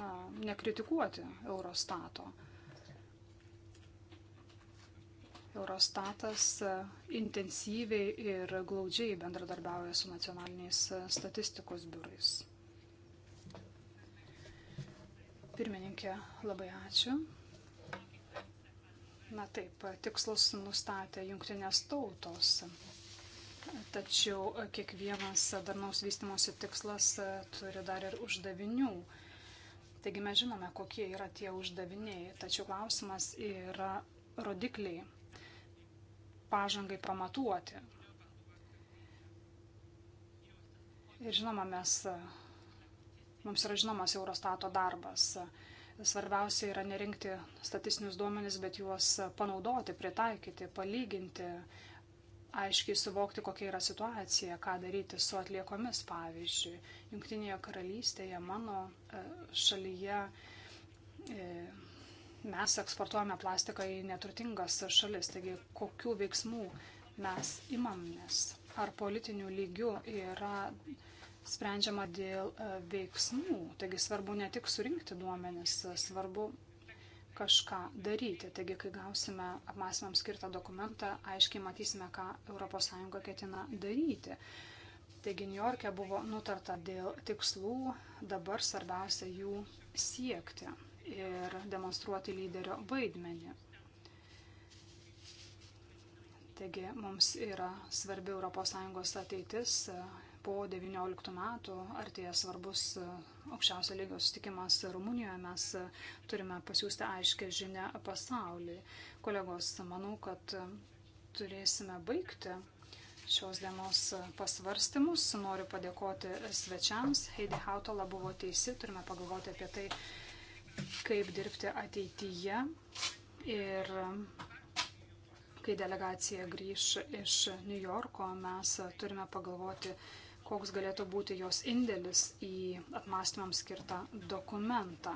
na, nekritikuoti Eurostato. Eurostatas e, intensyviai ir glaudžiai bendradarbiauja su nacionaliniais statistikos biurais. Pirmininkė, labai ačiū. Na taip, tikslus nustatė jungtinės tautos. Tačiau e, kiekvienas darnaus vystimosi tikslas e, turi dar ir uždavinių. Taigi mes žinome, kokie yra tie uždaviniai, tačiau klausimas yra rodikliai pažangai pamatuoti. Ir žinoma, mes, e, mums yra žinomas Eurostato darbas. Svarbiausia yra nerinkti statistinius duomenis, bet juos panaudoti, pritaikyti, palyginti, aiškiai suvokti, kokia yra situacija, ką daryti su atliekomis, pavyzdžiui. Junktinėje karalystėje, mano e, šalyje, e, mes eksportuojame plastiką į neturtingas šalis, taigi kokių veiksmų mes imamės. Ar politinių lygių yra sprendžiama dėl e, veiksmų, taigi svarbu ne tik surinkti duomenis, svarbu kažką daryti. Taigi, kai gausime apmąstymams skirtą dokumentą, aiškiai matysime, ką ES ketina daryti. Taigi, New York'e buvo nutarta dėl tikslų, dabar svarbiausia jų siekti ir demonstruoti lyderio vaidmenį. Taigi, mums yra svarbi ES ateitis, po 19 metų artėja svarbus e, aukščiausio lygio sustikimas Rumunijoje, mes e, turime pasiūsti aiškę žinę pasauliui. Kolegos, manau, kad e, turėsime baigti šios dienos pasvarstymus. Noriu padėkoti svečiams. Heidi Hautola buvo teisi, turime pagalvoti apie tai, kaip dirbti ateityje. Ir kai delegacija grįž iš New Yorko, mes turime pagalvoti, koks galėtų būti jos indėlis į apmąstymams skirtą dokumentą.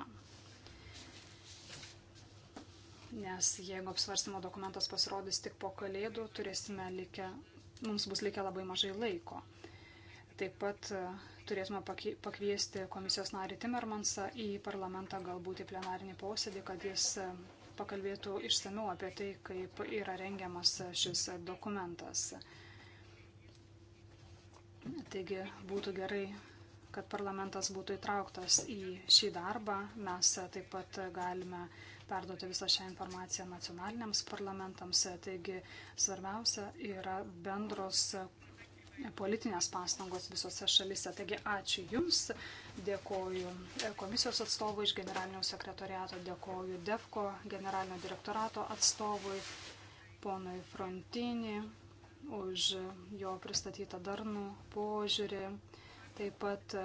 Nes jeigu apsvarstymo dokumentas pasirodys tik po kalėdų, turėsime likę, mums bus likę labai mažai laiko. Taip pat e, turėtume pakviesti komisijos narį Timermansą į parlamentą, galbūt į plenarinį posėdį, kad jis e, pakalbėtų išsamiau apie tai, kaip yra rengiamas e, šis dokumentas. Taigi būtų gerai, kad parlamentas būtų įtrauktas į šį darbą. Mes taip pat galime perduoti visą šią informaciją nacionaliniams parlamentams. Taigi svarbiausia yra bendros politinės pastangos visose šalise. Taigi ačiū Jums, dėkoju komisijos atstovui iš generalinio sekretoriato, dėkoju DEFCO generalinio direktorato atstovui, ponui Frontini, už jo pristatytą darnų požiūrį. Taip pat e,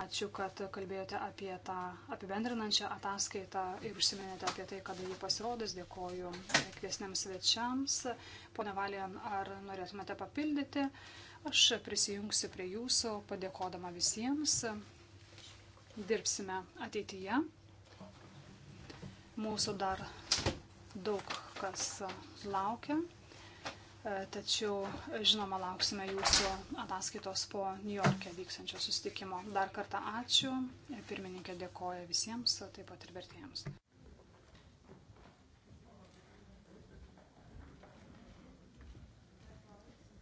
ačiū, kad kalbėjote apie tą apibendrinančią ataskaitą ir užsiminėte apie tai, kada jį pasirodys. Dėkoju e, kviesniams svečiams. Pone Valijan, ar norėtumėte papildyti? Aš prisijungsiu prie jūsų, padėkodama visiems. Dirbsime ateityje. Mūsų dar daug kas laukia. E, tačiau, žinoma, lauksime jūsų ataskaitos po New York'e vyksančio susitikimo. Dar kartą ačiū. Pirmininkė dėkoja visiems, taip pat ir vertėjams.